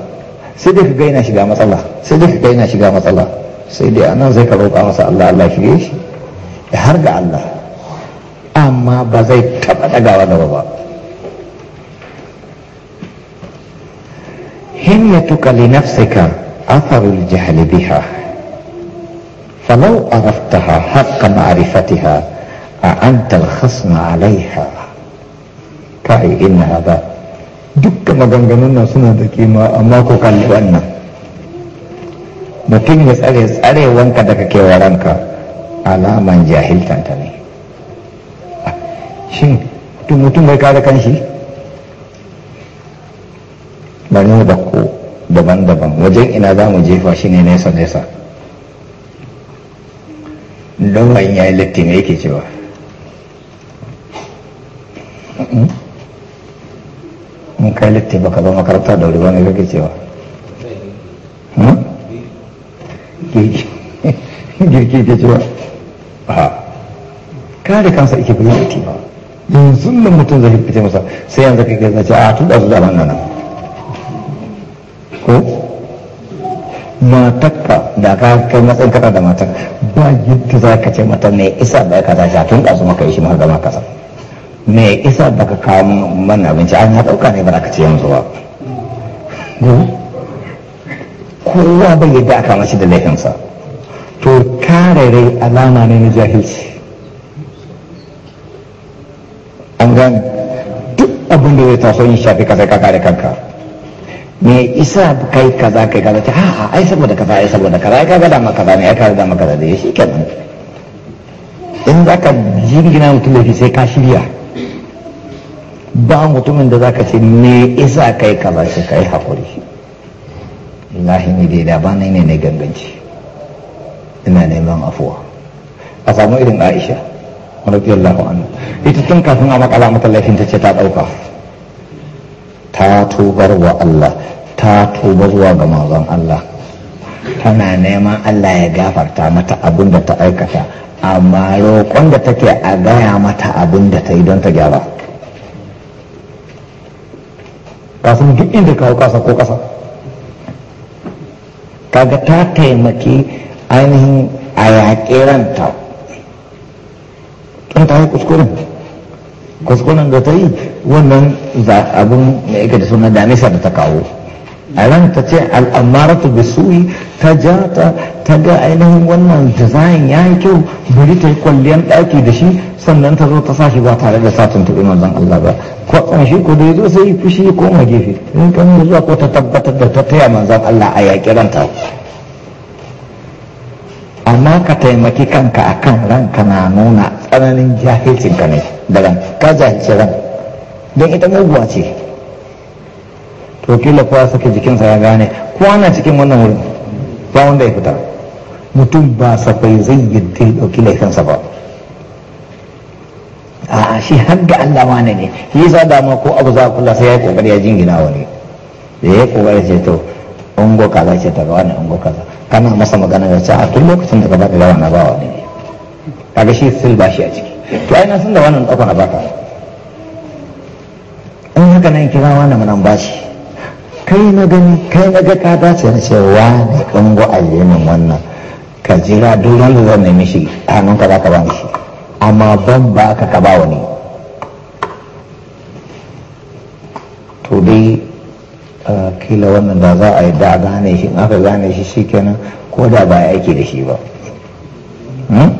sai dai ka ga yana shiga matsala sai dai ka ga yana shiga matsala sai dai anan zai ka roƙa masa Allah Allah shirye shi har ga Allah amma ba zai taɓa ɗagawa gaba ba حميتك لنفسك أثر الجهل بها فلو عرفتها حق معرفتها أأنت الخصم عليها كأي إن هذا dukkan maganganun nan suna da kima amma ko kalli wannan mutum ya tsare tsare wanka daga kewaranka alaman jahiltanta ne shin mutum bai kare kanshi bari mu dauko daban-daban wajen ina za mu jefa shi ne nesa-nesa don ya yi latti ne yake cewa hmm? in kai litti baka zo makaranta da wuri ba ne kake cewa hmm? girki ke cewa ha kare kansa ike ba litti ba yanzu nan mutum zai fita masa sai yanzu kake zai ce a ah, tun da su da nan nan ko matakka da ka kai matsayin kada da matakka. ba yadda za ka ce mata mai isa da ya kaza shi a tun da su maka yi shi maka gama kasa me isa baka kawo mana abinci an ya dauka ne ba ka ce yanzu ba kowa bai yadda aka mashi da laifinsa to kare rai alama ne na jahilci an gan duk abin da zai taso yin shafi kasai ka kare kanka me isa kai kaza kai kaza ta ha ai saboda kaza ai saboda kaza ai kaga dama kaza ne ai kaga dama kaza da shi kenan in zaka jirgina mutum da sai ka shirya ba mutumin da zaka ce me isa kai kaza ce kai hakuri wallahi ni dai da ba ne ne ganganci ina neman afuwa a samu irin Aisha radiyallahu anha ita tun kafin a makala mata laifin ta ce ta dauka ta tubar wa Allah ta tubar wa ga mazan Allah tana neman Allah ya gafarta mata abin da ta aikata amma roƙon da take a gaya mata abin da ta yi don ta gyara kasan duk inda kawo kasa ko kasa kaga ta taimaki ainihin a yaƙe ta, tun ta yi kuskuren kuskuren da ta yi wannan abin da yake da suna damisa da ta kawo a ta ce al'amaratu da suyi ta ja ta ta ga ainihin wannan design ya yi kyau bari ta yi kwalliyar ɗaki da shi sannan ta zo ta sa ba tare da satin tuɓi manzon Allah ba kwatsan shi ko da ya zo sai yi fushi ko koma gefe in kan yi zuwa ko ta tabbatar da ta taya manzon Allah a yaƙi ranta amma ka taimaki kanka a kan ranka na nuna tsananin jahilcinka ne da ran ka jahilci ran don ita muguwa ce to kila kowa saka jikinsa ya gane ko ana cikin wannan wurin ba wanda ya fita mutum ba safai zai yi yadda ɗauki laifinsa ba a shi har ga Allah ma ne shi yasa dama ko abu za kula sai ya kokari ya jingina wani da ya kokari ce to ungo kaza ce ta wani ungo kaza kana masa magana da ce a tun lokacin da ka bada da na ba wani kaga shi sil ba shi a ciki to ai na san da wannan ɗaukar na baka in haka nan kira wannan nan ba shi kai na gani kai na ga kada ce na ce wa ne kan go yi min wannan ka jira duk wanda zan nemi shi hannunka za ka ba shi amma ban ba ka ka ba wani to dai kila wannan da za a yi da gane shi in aka gane shi shi kenan ko da ba yake da shi ba hmm?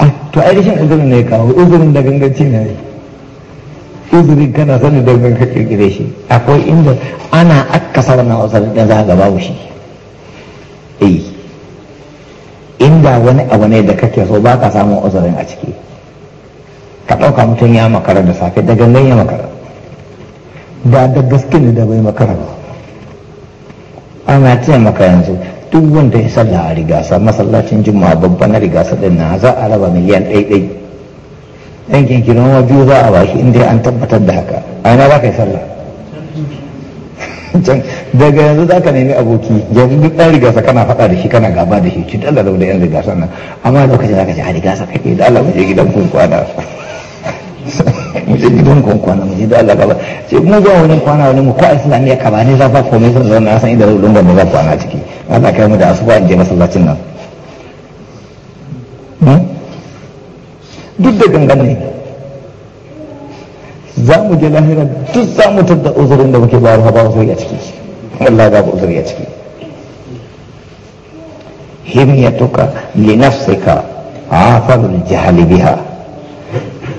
ah, to ai shi uzurin ne kawo izinin da gangan ne izinin kana sani don ka kirkire shi akwai inda ana akasa wannan wasarin da za gaba babu shi eh inda wani abu ne da kake so ba ka samun uzurin a ciki ka ɗauka mutum ya makara da safe da gangan ya makara ba da gaske ne da bai makara ba ana ce maka yanzu duk wanda ya sallah a rigasa masallacin juma'a babban rigasa din na za a raba miliyan ɗaiɗai yankin ma biyu za a bashi inda an tabbatar da haka a yana za ka yi sallah daga yanzu za ka nemi aboki yanzu duk ɗan rigarsa kana faɗa da shi kana gaba da shi ci lalau da yan rigarsa nan amma lokacin za ka ce a rigasa kake da Allah jirgin je gidan kun kwana *laughs* mu gidan kun kwana mu je da Allah gaba ce mu zuwa wani kwana wani mu ko islamiyya ka ba ne za fa komai sun zauna na san inda zai lumbar da za kwana ciki ana kai mu da asuba in je masallacin nan hmm? duk da gangan ne za mu je lahira duk za mu tadda uzurin da muke bayar ba uzuri a ciki wallahi babu uzuri a ciki himyatuka li nafsika afalul jahali biha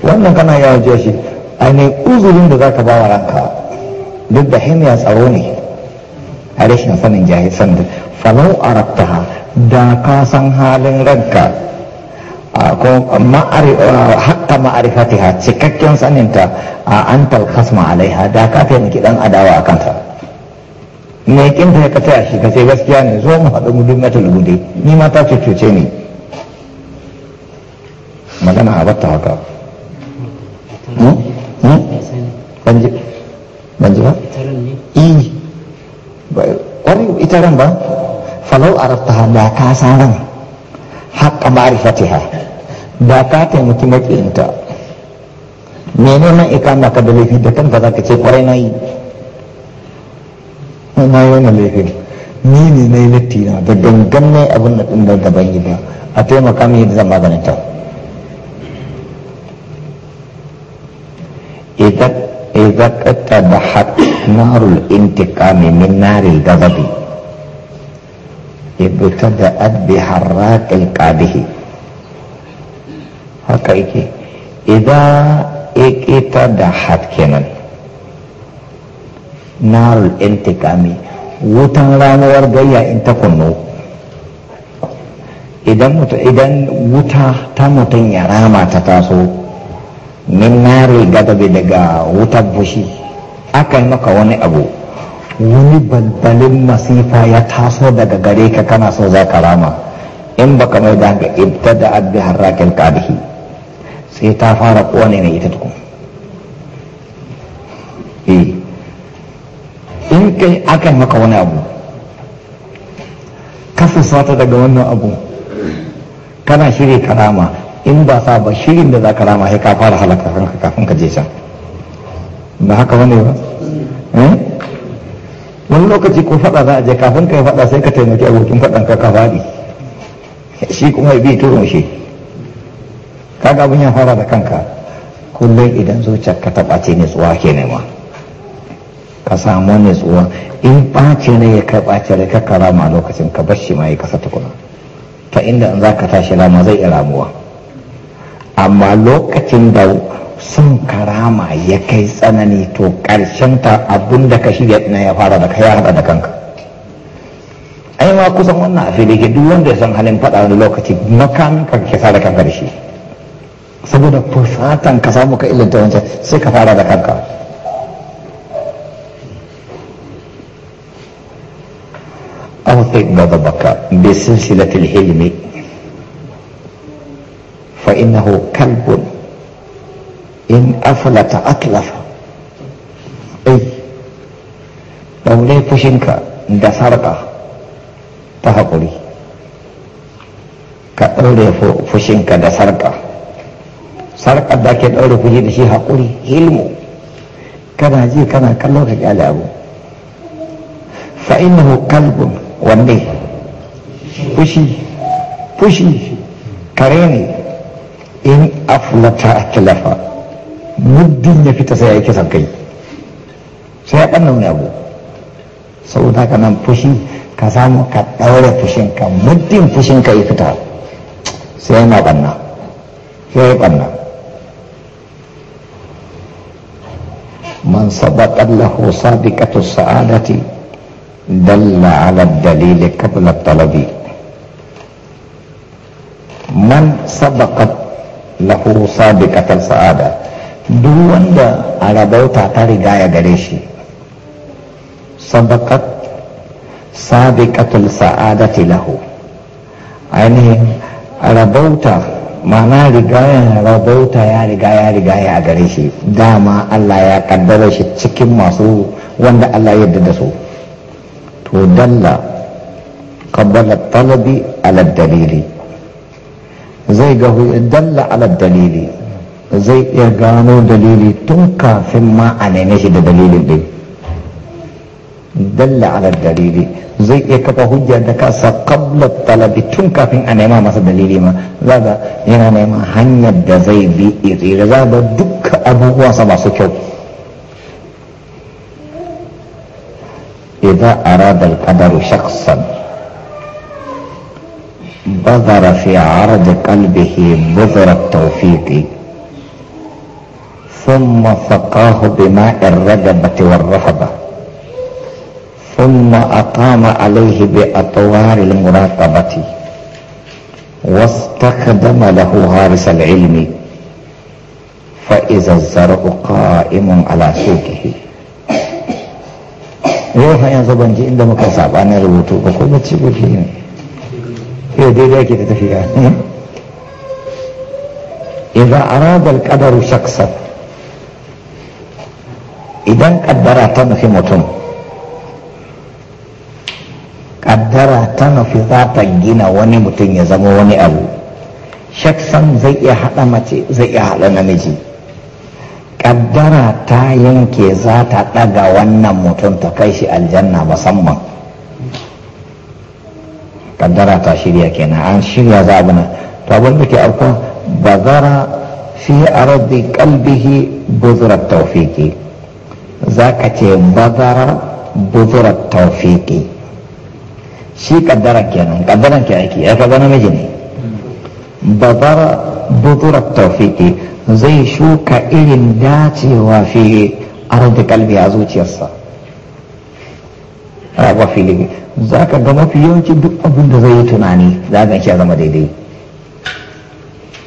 wannan kana ya waje shi ainihin uzurin da zaka ba wa ranka duk da himya tsaro ne a rashin sanin jahil sanda falau arabta da ka san halin ranka ko eh, ma'arifati eh, ma'arifatiha cikakken saninta a eh, an talkasma alaiha da ka taimaki dan adawa a kanta me kinta ya kata shi ka ce gaskiya ne zo mu haɗu gudun mata lugude ni ma ta cuce ne magana a batta haka ba? itaran ba falau arabtaha da ka san ran haƙa ma'rifatiha da ka taimaki maƙiyinta mene nan ikama ka da laifi da kanka za ka ce kwarai na yi na yi wani ni ne na yi latti na da gangan na abin da ɗin da ban yi ba a taimaka mai yadda zan maganin ta idan idan ka da haƙ narul intiƙami min naril gazabi ابتدأت بحراك القابه haka yake idan ikita da hat kenan narul intikami wutan ramuwar gayya in ta kunno idan wuta ta mutum ya rama ta taso min narul gadabi daga wutar bushi aka yi maka wani abu wani balbalin masifa ya taso daga gare ka kana so za ka rama in ka mai da ibta da abbi harrakin kadihi sai ta fara kone ne ita tukun eh, in kai aka maka wani abu kasa sata daga wannan abu kana shirya karama in ba sa ba shirin da za ka rama sai ka fara halaka kanka kafin ka je can ba haka wani ba eh? wani lokaci ko faɗa za a je kafin ka yi faɗa sai ka taimaki abokin faɗan ka ka faɗi shi kuma bi turun shi ga abin ya fara da kanka kullum idan zuciyar ka taɓa ce nutsuwa ke nema ka samu nutsuwa in ɓace ne ya kai ɓace da ka karama lokacin ka bar shi ma ya kasa tukuna ta inda in za ka tashi rama zai iya ramuwa amma lokacin da Sun karama ya kai tsanani to ƙarshen ta abun da ka shiga na ya fara da ka ya haɗa da kanka ai ma kusan wannan a fili ke duk wanda ya san halin faɗa wani lokaci makamin ka ke sa da kanka da shi saboda fusatan ka samu ka ilanta wancan sai ka fara da kanka bisin غضبك hilmi الحلم فإنه كلب in aflata atlafa ai daure fushinka da sarƙa ta haƙuri ka ɗaure fushinka da sarƙa sarƙar da ke ɗaure fushi da shi haƙuri ilmu kana ji kana kallo ka kyale abu fa'inahu kalbun wanne fushi fushi kare ne in aflata atlafa مدين في تسعي كسكي سيا كنا من أبو سودا كنا بحشين كسام كتاولة بحشين كمدين بحشين كي فتا سيا ما كنا سيا كنا من صدق الله صادقة السعادة دل على الدليل قبل الطلب من صدقت له صادقة السعادة duk wanda a rabauta ta riga ya gare shi sabakat sabiqatul sa'adati lahu ainihin rabauta mana rigayen rabauta ya riga ya riga ya gare shi dama Allah ya kaddara shi cikin masu wanda Allah ya yarda da su to dalla qabbala talabi ala dalili zai ga dalla ala dalili zai iya gano dalili tun kafin ma a neme shi da dalilin din dalla ala dalili zai iya kafa hujja da kasa qabla talabi tun kafin a nema masa dalili ma zaga yana neman hanyar da zai bi itsira zaga dukkan abubuwansa masu kyau إذا أراد القدر شخصا بذر في عرض قلبه بذر التوفيق ثم سقاه بماء الرجبة والرهبة ثم أقام عليه بأطوار المراقبة واستخدم له غارس العلم فإذا الزرع قائم على سوقه روح يا زبنجي إن دمك صعب أنا روتو بقول ما تقول لي يا دي ليك إذا أراد القدر شخصا idan kaddara ta nufi mutum kaddara ta nufi za ta gina wani mutum ya zama wani abu shaksan zai iya haɗa mace zai iya haɗa namiji kaddara ta yanke za ta ɗaga wannan mutum ta kai shi aljanna musamman kaddara ta shirya kenan an shirya za abu to abin da ke akwai bazara fi aradi kalbihi buzurar taufiki za ka ce bazarar buzurar taufiki shi ƙaddara kenan kaddara ke aiki ya kaddara namiji ne bazara buzurar taufiki zai shuka irin dacewa fi arziki kalbi a zuciyarsa rabuwa fili za ka ga mafi yawanci duk abin da zai yi tunani za ka shi zama daidai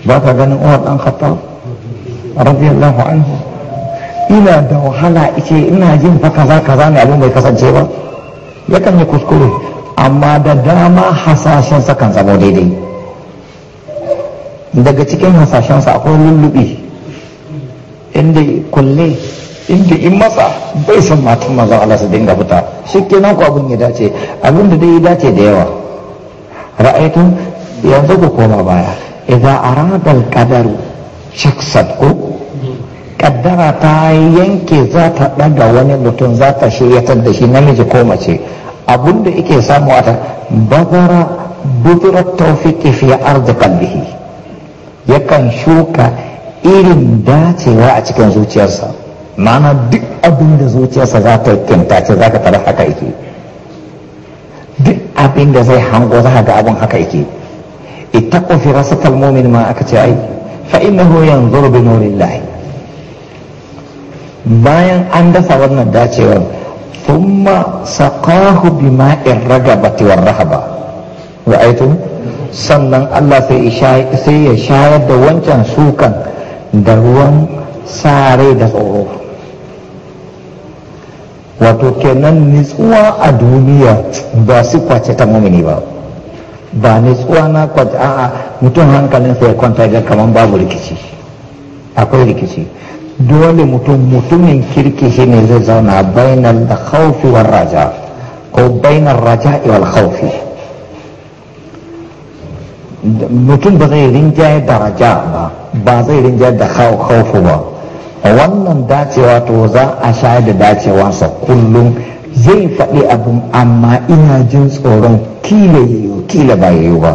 ba ka ganin uwar ɗan khattab radiyallahu anhu ina da wahala ice ina jin fa kaza kaza ne abin bai kasance ba Ya kan yi kuskure amma da dama hasashen sa kan zama daidai daga cikin hasashen sa akwai lullubi inda kulle inda in masa bai san matan maza Allah su dinga fita shi nan ku abin ya dace abin da dai ya dace da yawa ra'ayatun yanzu ku koma baya idan aradal qadaru shakhsan ko kaddara ta yanke za ta ɗaga wani mutum za ta shiryatar da shi namiji ko mace abinda da yake samu ta bazara budurar taufiki fi arzi kalbihi yakan shuka irin dacewa a cikin zuciyarsa mana duk abin da zuciyarsa za ta kintace za ka tara haka yake duk abin da zai hango za ga abin haka yake ita kofi rasa kalmomin ma aka ce ai fa innahu yanzuru bi lahi bayan an dasa wannan dacewar thumma saqahu bima'ir ragabati war rahaba ra'aytum sannan Allah sai ya shayar da wancan sukan da ruwan sare da tsoro wato kenan nitsuwa a duniya ba su kwace ta mumini ba ba nitsuwa na kwace a'a mutum hankalinsa ya kwanta ga kamar babu rikici akwai rikici dole mutum mutumin kirki shi ne zai zauna bainar da khawfi raja ko bainar raja wal khawfi mutum ba zai rinjaye da raja ba ba zai rinjaye da khawfi ba wannan dacewa to za a sha da dacewansa kullum zai faɗi abin amma ina jin tsoron kila yiwu kila ba yiwu ba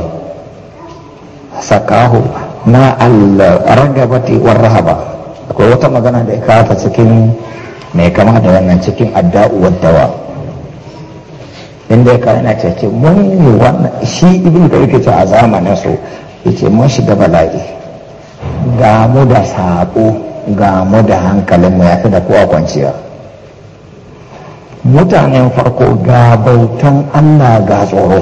sakahu na allah ragabati war rahaba akwai wata magana da ya kafa cikin mai kama da wannan cikin adda'u dawa. inda ya kawo yana cece mun yi wannan shi ibn da yake ce a zamanin su ce mun shiga bala'i ga mu da saƙo, ga mu da hankalinmu ya fi da kowa kwanciya mutanen farko ga bautan allah ga tsoro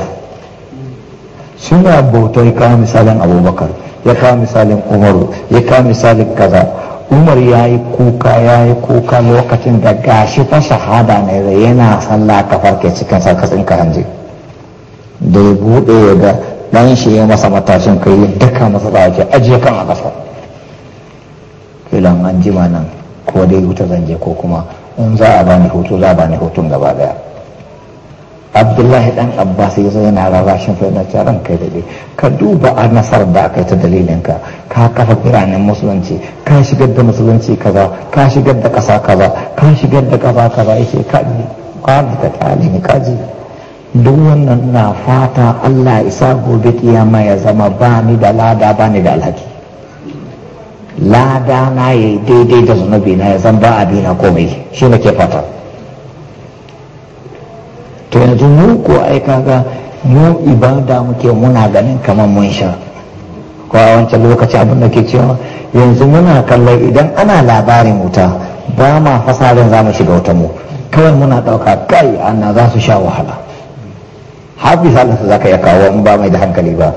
suna bautar kawo misalin abubakar ya kawo misalin umaru ya kawo misalin kaza umar ya yi kuka ya yi kuka lokacin da gashi fa shahada ne da yana sallah ta farke cikin ka hanji da ya buɗe ga ɗan shi ya masa matashin kai ya daka masa da ake ajiye kan a ƙasa kilan an jima nan ko dai wuta zan ko kuma in za a bani hutu za a bani hutun gaba daya abdullahi ɗan abbas ya zai yana rarrashin fai na caran kai da ka duba a nasarar da aka kai ta dalilinka ka kafa biranen musulunci ka shigar da musulunci kaza ka shigar da ƙasa kaza ka shigar da ƙasa kaza yake ka kwaji ka ne ka ji. duk wannan na fata allah isa gobe kiyama ya zama ba ni da lada ba ni da alhaki lada na ya daidai da zunubi na ya zan ba abina komai shi ke fata to yanzu mu ko ai kaga mu ibada muke muna ganin kamar mun sha ko a wancan lokaci abin da ke cewa yanzu muna kallon idan ana labarin wuta ba ma fasalin za mu shiga wuta mu kawai muna ɗauka kai ana za su sha wahala har su za ka iya kawo in ba mai da hankali ba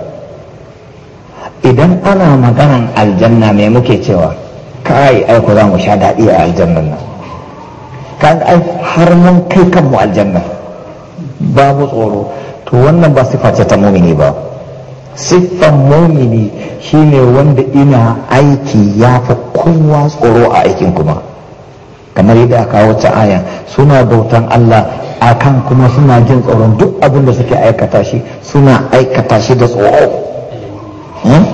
idan ana maganan aljanna mai muke cewa kai aiko za mu sha daɗi a aljannan nan kan har mun kai kanmu aljanna. babu tsoro to wannan ba siffa ce ta mumini ba siffan mumini shine wanda ina aiki ya fi kowa tsoro a aikin kuma kamar yadda aka wata aya suna bautan Allah akan kuma suna jin tsoron duk abin da suke aikata shi suna aikata shi da tsoro ba hmm?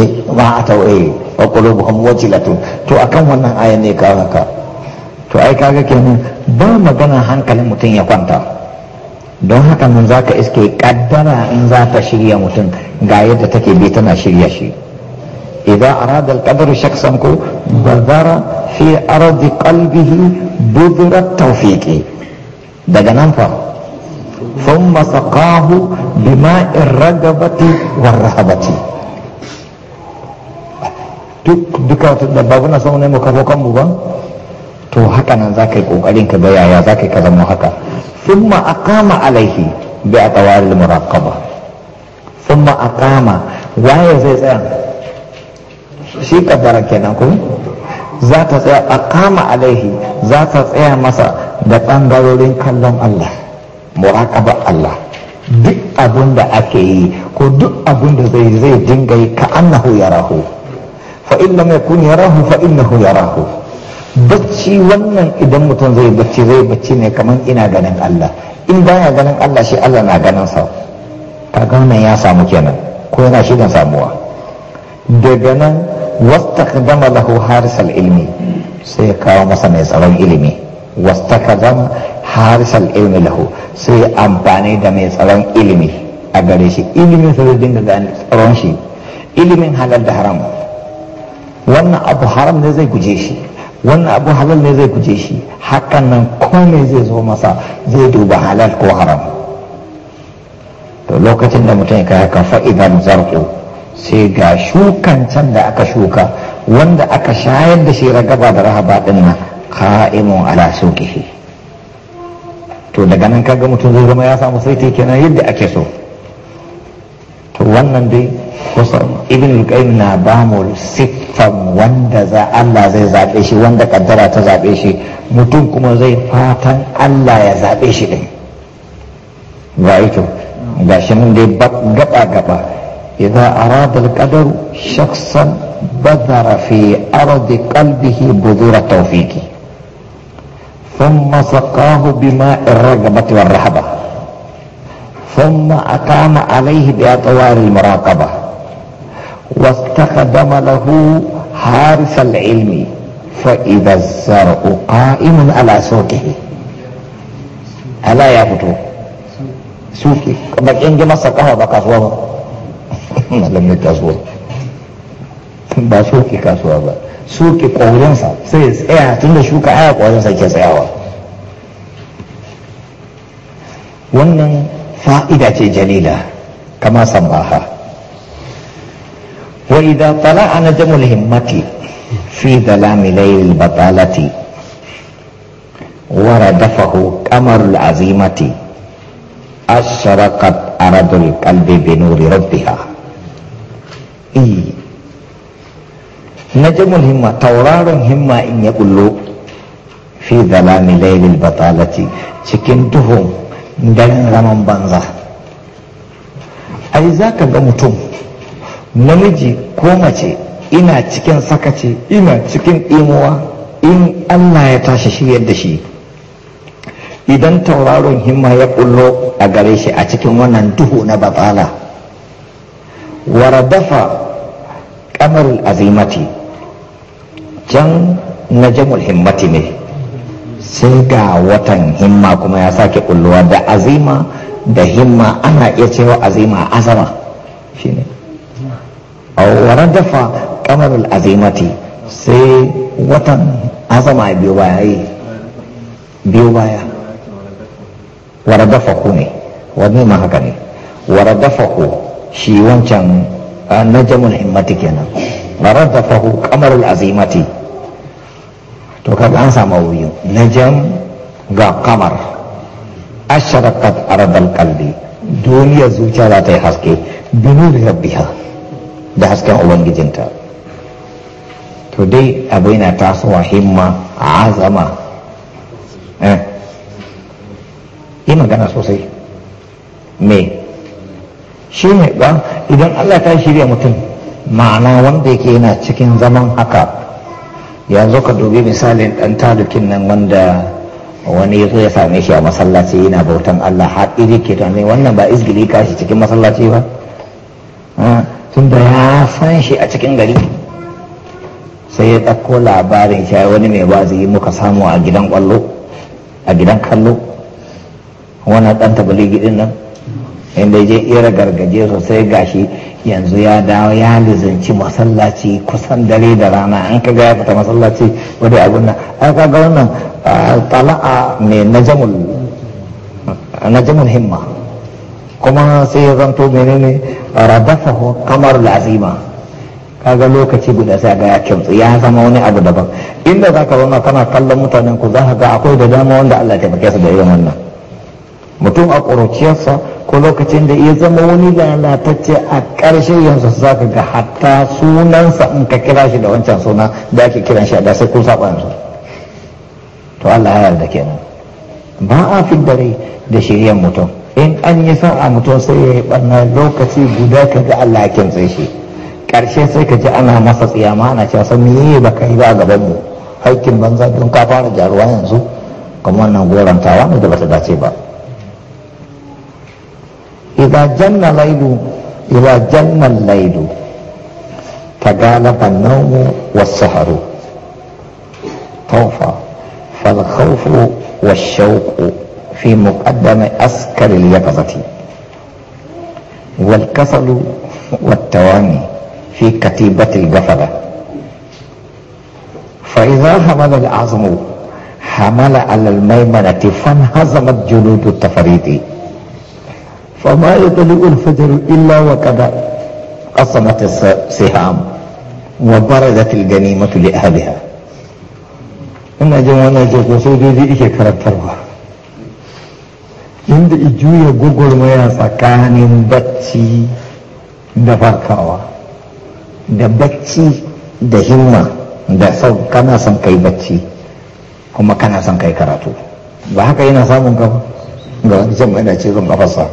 eh, a eh wa qulubuhum wajilatun to akan wannan aya ne ka haka to ai kaga kenan ba magana hankalin mutum ya kwanta don haka nan za ka iske kaddara in za ta shirya mutum ga yadda take bi tana shirya shi idan arada alƙadar shaksan ko bazara fi aradi kalbihi budurar taufiki daga nan fa ثم سقاه بماء الرغبة والرهبة duk duka da ba na son mu kafo kanmu ba to haka nan za ka yi ƙoƙarin ka ga za ka yi ka zama haka sun ma'akama alaihi bi a tsawarin murakkaba sun kama waye zai tsaya shi kaddara kenan kuma za ta tsaya akama alaihi za ta tsaya masa da ɓangarorin kallon Allah muraƙabar Allah duk abin da ake yi ko duk abin da zai zai dinga yi ka annahu yarahu fa in lam yakun yarahu fa innahu yarahu bacci wannan idan mutum zai bacci zai bacci ne kamar ina ganin Allah in baya ganin Allah shi Allah na ganin sa ta wannan ya samu kenan ko yana shigan samuwa daga nan wastakdama lahu harisal ilmi sai ya kawo masa mai tsaron ilimi wastakdama harisal ilmi lahu sai amfani da mai tsaron ilimi a gare shi ilimin sai dinga tsaron shi ilimin halal da haram wannan abu haram ne zai guje shi wannan abu halal ne zai guje shi hakan nan komai zai zo masa zai duba halal ko haram to lokacin da mutum ya kai fa idan zarko sai ga shukan can da aka shuka wanda aka shayar da shi ragaba da rahaba din nan ka'imun ala suqihi to daga nan kaga mutum zai zama ya samu saiti kenan yadda ake so to wannan dai kusan ibn qayyim na ba mu siffan wanda za Allah zai zabe shi wanda kaddara ta zabe shi mutum kuma zai fatan Allah ya zabe shi din ga ito ga shi mun dai gaba gaba idza arada al-qadar shakhsan badara fi ardi qalbihi budura tawfiqi ثم سقاه بماء الرغبة والرهبة ثم أقام عليه بأطوار المراقبة واستخدم له حارس العلم فإذا الزرع قائم على سوقه ألا *laughs* *laughs* يا فتو سوقي بك إن جمس قهوة بكاسوة لم يتاسوة ba soke kasuwa ba soke ƙorinsa sai tsaya tun da shuka aya ƙorinsa ke tsayawa wannan fa'ida ce jalila kama sambaha وإذا طلع نجم الهمة في ظلام ليل البطالة وردفه قمر العزيمة أشرقت أرض القلب بنور ربها إيه نجم الهمة تورار همة إن يقول في ظلام ليل البطالة سكنتهم دن رمان بانزا أي ذاك namiji ko mace ina cikin sakaci ina cikin imuwa in Allah ya tashi shi yadda shi idan tauraron himma ya kullo a gare shi a cikin wannan duhu na batsala dafa kamar azimati can na jamul himmati ne sai ga watan himma kuma ya sake kulluwa da azima da himma ana iya cewa azima azama shine waradafa kamarul azimati sai watan azama biyu baya biyu baya waradafa ku ne wani ma haka ne waradafa ku shi wancan najamun himmati kenan waradafa ku kamarul azimati to kaga an samu wuyu najam ga kamar asharakat ardal qalbi duniyar zuciya za ta yi haske binur rabbiha da hasken ubangijinta to dai abu yana tasowa himma azama eh. yi magana sosai me shi ne ba idan allah ta shirya mutum ma'ana wanda yake yana cikin zaman haka yanzu ka dubi misalin ɗan talukin nan wanda wani ya zo ya same shi a masallaci yana bautan allah har iri ke wannan ba izgili kashi cikin masallaci ba ah. tunda ya san shi a cikin gari sai ya ɗauko labarin shi wani mai wazi muka samu a gidan kwallo a gidan kallo wani ɗan tabaligi gidin nan inda je ira gargaje sosai gashi yanzu ya dawo ya lizanci masallaci kusan dare da rana an ka ga ya fita masallaci wadda abin nan an ka ga wannan ah, tala'a mai najamul himma kuma sai ya zanto menene radafahu kamar lazima kaga lokaci guda sai ga ya kimtsu ya zama wani abu daban inda zaka zama kana kallon mutanen ku za ka ga akwai da dama wanda Allah ya taimake su da irin wannan mutum a ƙuruciyarsa ko lokacin da ya zama wani lalatacce a ƙarshen yanzu za ka ga hatta sunansa in ka kira shi da wancan suna da ake kiran shi a sai kun saɓa yanzu to Allah ya yarda kenan ba a fi dare da shiryan mutum in an yi son a mutum sai ya yi barna lokaci guda ka ga Allah ya sai shi ƙarshe sai ka ji ana masa tsiyama ana cewa san yi ba ka yi ba gaban mu aikin banza don ka fara jaruwa yanzu kuma wannan goron tawa ne da ba ta dace ba idan janna lailu idan janna فالخوف والشوق في مقدم أسكر اليقظة والكسل والتواني في كتيبة القفلة فإذا حمل العظم حمل على الميمنة فانهزمت جنود التفريط فما يطلق الفجر إلا وقد قصمت السهام وبرزت الجنيمة لأهلها إن جوانا جوكو سوجو دي إيكي كاركترها inda juya gwagwarmaya tsakanin bacci da farkawa da bacci da himma da sau kana son kai bacci kuma kana son kai karatu ba haka yana samun kafa ga wani can mai dace zan kafasa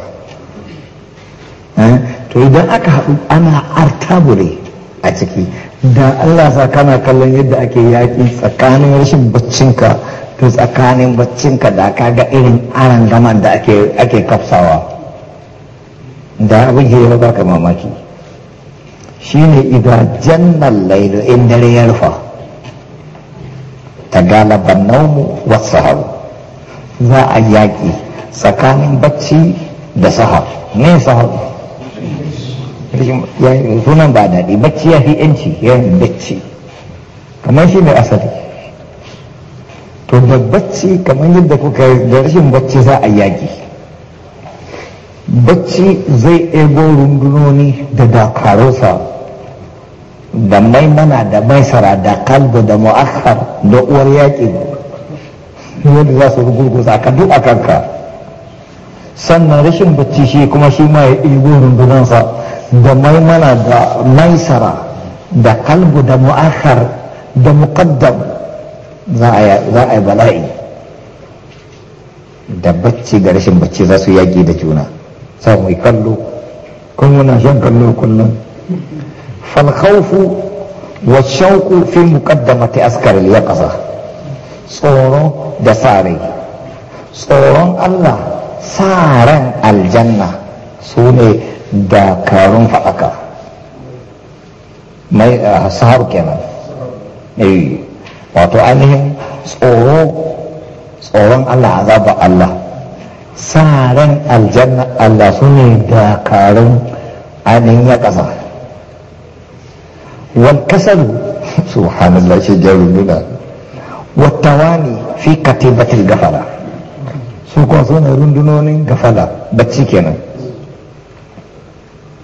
eh, to idan aka haɗu ana artabure a ciki da allah sa kana kallon yadda ake yaƙi tsakanin rashin baccinka to tsakanin ka da ka ga irin aran gaman da ake ake kafsawa da abin ya ba ka mamaki shine idan jannan lailu in dare ya rufa ta galaban naumu wasu haru za a yaƙi tsakanin bacci da sahar ne sahar sunan ba daɗi bacci ya fi yanci ya bacci kamar shi mai asali to bacci kamar yadda kuka da rashin bacci za a yaki bacci zai ego rundunoni da dakarosa da maimana da maisara da kalbo da mu'akhar da uwar yaƙi yadda za su rugurguza ka duk a kanka sannan rashin bacci shi kuma shi ma ya ego rundunansa da maimana da maisara da kalbo da mu'akhar da muqaddam za a yi bala'i da bacci da rashin bacci za su yaƙi da juna sai mu kallo kun muna shan kallo kullum falkhaufu wa shauku fi muqaddamati askar al-yaqasa tsoro da sare tsoron Allah saran aljanna su ne da karun faɗaka mai eh, sahar kenan eh wato ainihin tsoro tsoron Allah azaba Allah ran aljanna Allah su ne dakarun ainihin ya ƙasa wal kasalu *laughs* subhanallah shi Wata wattawani fi katibatil gafala su kuwa su ne rundunonin gafala bacci kenan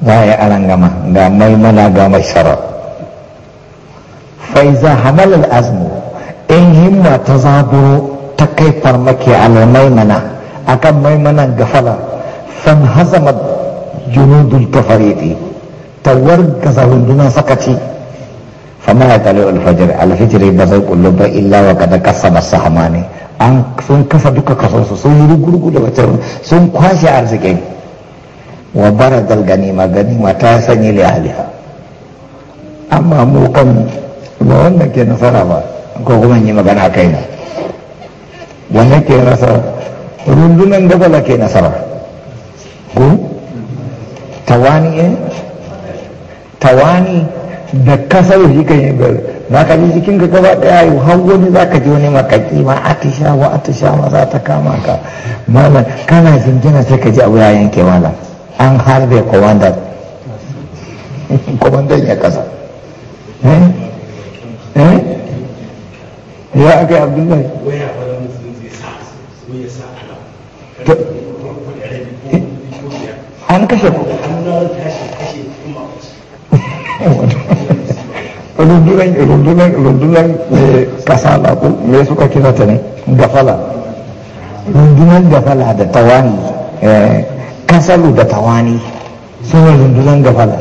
za a yi gama ga maimana ga mai shara faiza hamalar azmu in himma ta zaburo ta kai farmaki ala maimana akan maimanan gafala fan hazama junudul kafariti ta wargaza rundunan sakaci fama ya tali alfajir alfajir ba zai kullu ba illa wa kada kasa ba sahama an sun kasa duka su sun yi rugurgu da wacce sun kwashe arzikin wa bara gani ganima ta sanyi li ahliha amma mu kan ba wannan ke nasara ba ko kuma yi magana kai na wanda ke nasara rundunan gabala ke nasara ko tawani eh tawani da kasar shi kan yi gari za ka ji jikin ka gaba daya yau har wani za ka ji wani makaki ma atisha wa atisha ma za ta kama ka malam kana jingina sai ka ji abu ya yanke malam an harbe kwamandan *laughs* kwamandan ya kasa eh eh ya aka yi abdullahi an kashe ku rundunan rundunan rundunan kasa eh, na ku me suka kira ta ne gafala rundunan gafala da tawani eh, kasalu da tawani rundunan gafala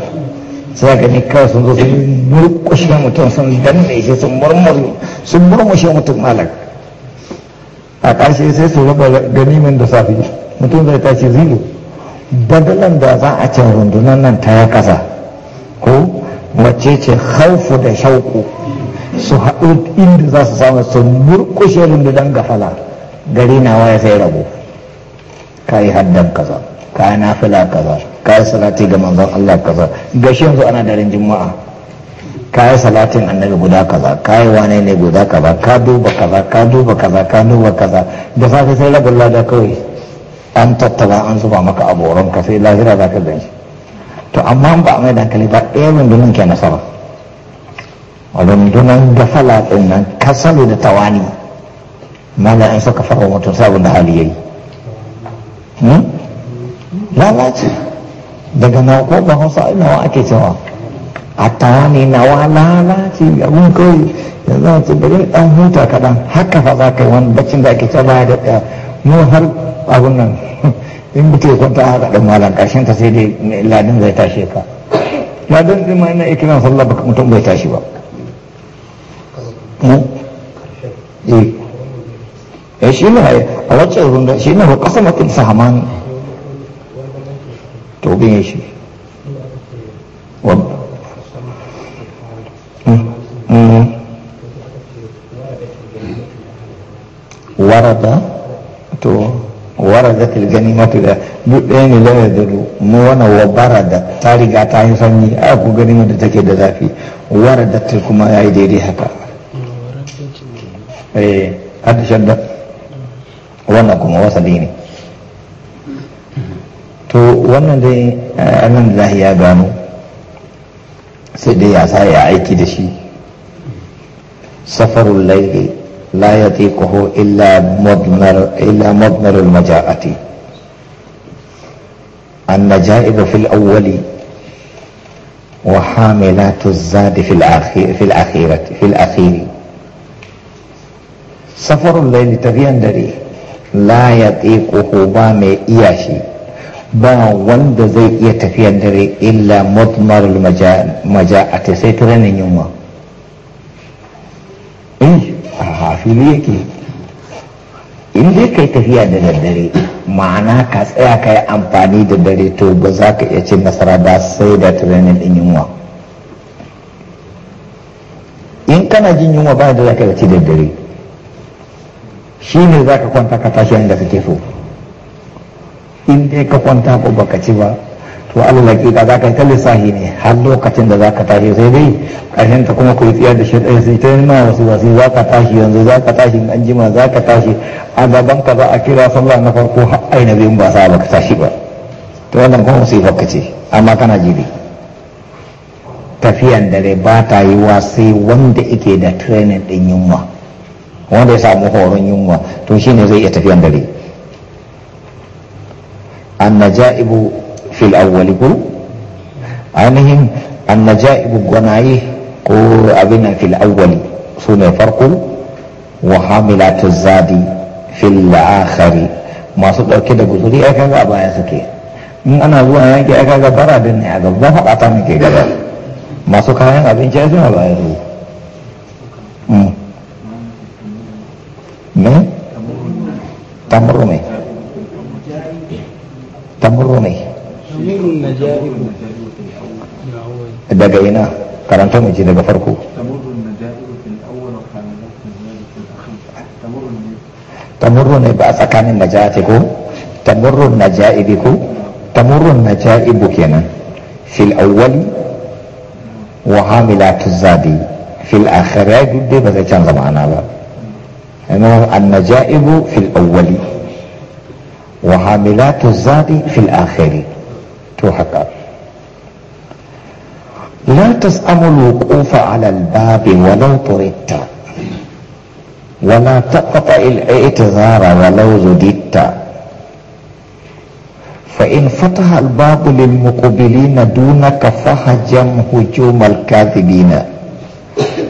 sai ga ni kawai sun zo sun murƙushe mutum sun danne shi sun murmuru sun murmushe mutum malak a ƙarshe sai su raba ganimin da safi mutum zai tashi zilo dandalan da za a ce rundunar nan ta ya kasa ko wacce ce haufu da shauku su haɗu inda za su samu su murƙushe rundunar gafala gari nawa ya sai rabu ka yi haddan kaza ka yi nafila kaza ka yi salati ga manzon Allah kaza gashi yanzu ana daren juma'a ka yi salatin annabi guda kaza ka yi wane ne guda kaza ka duba kaza ka duba kaza ka duba kaza da safe sai rabin lada kawai an tattala an zuba maka a boron ka sai lahira za ka gani to amma ba a mai dankali ba ɗaya eh, rundunan ke nasara rundunan gafala ɗin nan ka kasalu da tawani mana in suka fara mutum sabon da hali yayi hmm? lalace daga nawa ko ba hausa nawa ake cewa a tawa ne nawa lalace abin kawai yanzu a ce bari dan huta kadan haka fa za ka yi wani baccin da ake cewa baya da ɗaya mu har abun nan in mutu ya kwanta a haka ɗan malam ƙarshen ta sai dai ladin zai tashe ka ladin zai ma yana ikiran sallah ba mutum bai tashi ba ya shi ne a wacce runda shi ne ba kasa kasamatin sahamani to bin ya shi warata hmm? hmm? wara da ke gani mafi da duk daya ne lalata da ru mu wana wa da ta riga ta yi sanyi a ku gani wanda take da zafi wara da kuma ya yi daidai haka eh hadishar kuma wasa ne to wannan dai eh, anan zahi ya gano sai dai ya sa ya aiki da shi safarun laili la ya tekoho illa madmarar maja'ati an na ja'iba fil awwali wa hamilatu zadi fil akhirati fil akhiri safarun laili tafiyan dare la ya tekoho ba mai iya shi ba wanda zai iya tafiyar dare illa mutmarul ta sai tunanin yunwa in eh, a fili yake in dai kai tafiya da daddare ma'ana ka tsaya ka yi amfani da dare to ba za ka iya cin nasara ba sai da tunanin din yunwa in kana jin yunwa ba da za ka yi ci daddare. shi ne za ka kwanta ka tashi yadda kake so in dai ka kwanta ko baka ci ba to za ka yi ta lissafi ne har lokacin da za ka tashi sai dai ƙarshen ta kuma ku yi tsiya da shi ɗaya sai ta nuna wasu wasu za ka tashi yanzu za ka tashi an jima za ka tashi a gaban ka za a kira sallah na farko har aina biyun ba sa ba ka tashi ba to wannan kuma sai ka ce amma kana jibi tafiyan dare ba ta yi wa sai wanda yake da training ɗin yunwa wanda ya samu horon yunwa to shine zai iya tafiyan dare annajaibu fil awwali ko ainihin annajaibu gwanaye ko abin fil awwali su ne farko wa hamilatu zadi fil akhari masu dauke da guzuri ai kaga a baya suke in ana zuwa yanki ai kaga bara a gaba faɗa ta muke gaba masu kayan abinci me تمرني تمر النجائب في الأول قال تمر النجائب في الأول تمر النجائب تمر تمر النجائب تمر النجائب في الأول وعاملات الزاد في الآخرة جدي بذلك كان زمانا النجائب في الأول وعاملات الزاد في الآخر توحكا لا تسأم الوقوف على الباب ولو طردت ولا تقطع الاعتذار ولو زددت فإن فتح الباب للمقبلين دونك فهجم هجوم الكاذبين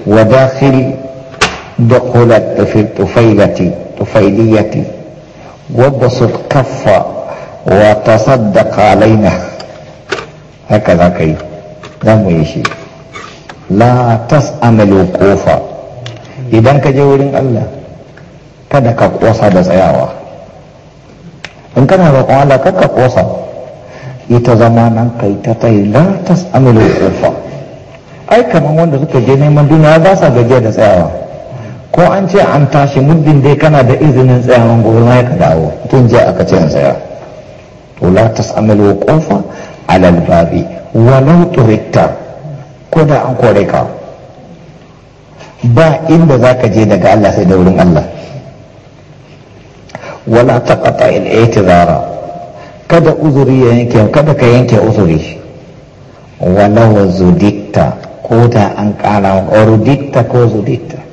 وداخل دخلت في الطفيلة طفيلية وبسط كف وتصدق علينا هكذا كي لم يشي لا تسأم الوقوف إذا كجولين الله kada ka kosa da tsayawa in kana roƙon Allah kada ka kosa ita zama nan kai ta tsaye la tas'amilu kofa ai kaman wanda suka je neman duniya ba sa gajiya da tsayawa ko an ce an tashi muddin dai kana da izinin tsayawan gobe ma ka dawo tun jiya aka ce in tsaya to la tas'amil wuqufa ala albabi walau turitta ko da an kore ka ba inda zaka je daga Allah sai da wurin Allah wala taqata al-i'tizara kada uzuri ya yanke kada ka yanke uzuri walau zuditta ko da an kara wa rudikta ko zudikta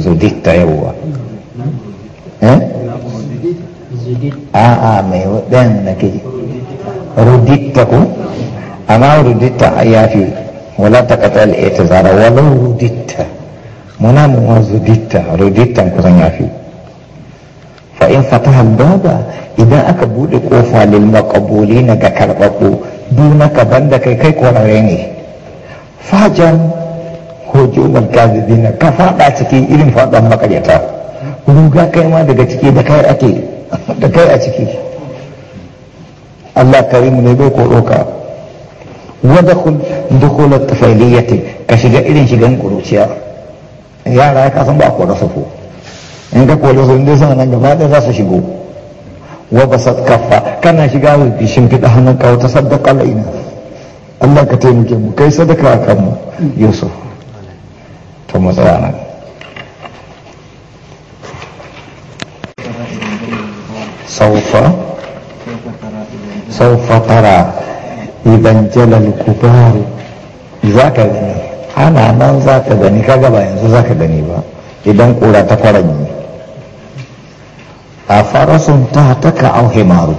zudita yawwa a'a mai waɗanda na ke ruditta ku amma ruditta ya fi wala ta ƙasar ita zara wala ruditta muna muwa zuditta rudittan kusan ya fi Fa in fatahar baba idan aka buɗe ƙofa lil maƙabuli na ga karɓaɓo duna ka banda kai kai ƙwararre ne fajan hujumar kazibina ka faɗa cikin irin faɗan makaryata ga kai ma daga ciki da kai ake da kai a ciki Allah karimu ne bai ko doka wadda kun dukula tafailiyyati ka shiga irin shigan kuruciya. yara ka san ba ko rasa ko in ka kore su inda sanan nan gaba da za su shigo wa basat kaffa kana shiga wurin shimfiɗa hannun ka wata sadaka la'ina Allah ka taimake mu kai sadaka a kanmu Yusuf to mu saufa saufa tara idan jalal za ka gani ana nan za ka gani kaga ba yanzu za ka gani ba idan kura ta kwaranyi a farasun ta taka au himaru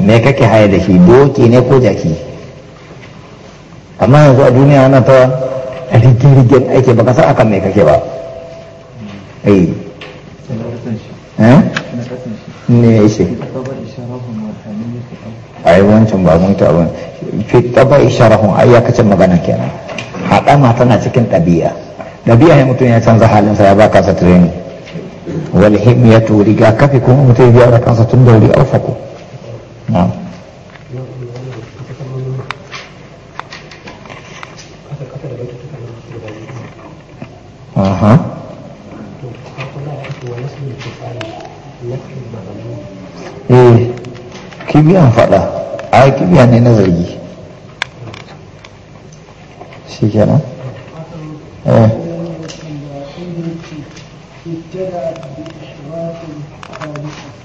me kake haye da shi doki ne ko jaki amma yanzu a duniya ana ta rigirgin aiki baka san akan mai kake ba eh ne ishe ai wancan ba mun taɓa fi taɓa isharahun ai ya magana kenan haɗama tana cikin ɗabi'a ɗabi'a ya mutum ya canza halinsa ya baka sa training wal himyatu rigakafi kuma mutum ya biya kansa tun da wuri alfaku na'am eh kibiyan faɗa. a kibiya ne na zargi shi kenan eh.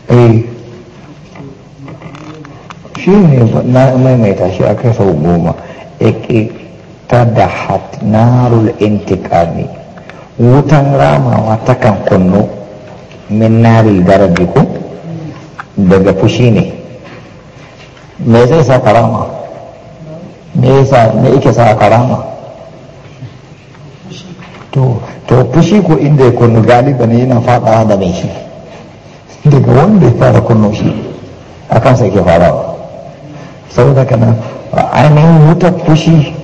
eh shi ne na maimaita shi a kai sau goma ta da hatnarul intikami wutan ramawa kan kunnu min nari darabiku daga fushi ne me zai sa karama me sa me yake sa karama to to fushi ko inda ya kunnu galiba ne yana fadawa da mai shi daga wanda ya fara kunnu shi a kansa yake sau saboda kana ainihin wutar fushi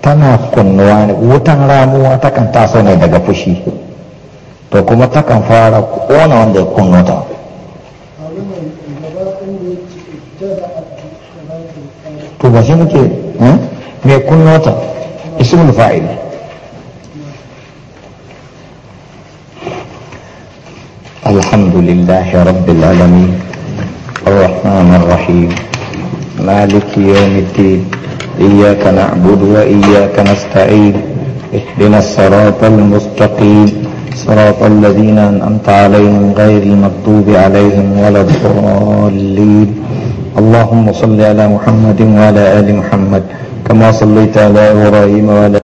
tana kunnuwa ne wutan ramuwa takan taso ne daga fushi to kuma takan fara kona wanda ya kunno ta to ba shi muke mai kunno ta ismul fa'il الحمد لله رب العالمين الرحمن الرحيم مالك يوم الدين إياك نعبد وإياك نستعين اهدنا الصراط المستقيم صراط الذين أنعمت عليهم غير المغضوب عليهم ولا الضالين اللهم صل على محمد وعلى آل محمد كما صليت على إبراهيم وعلى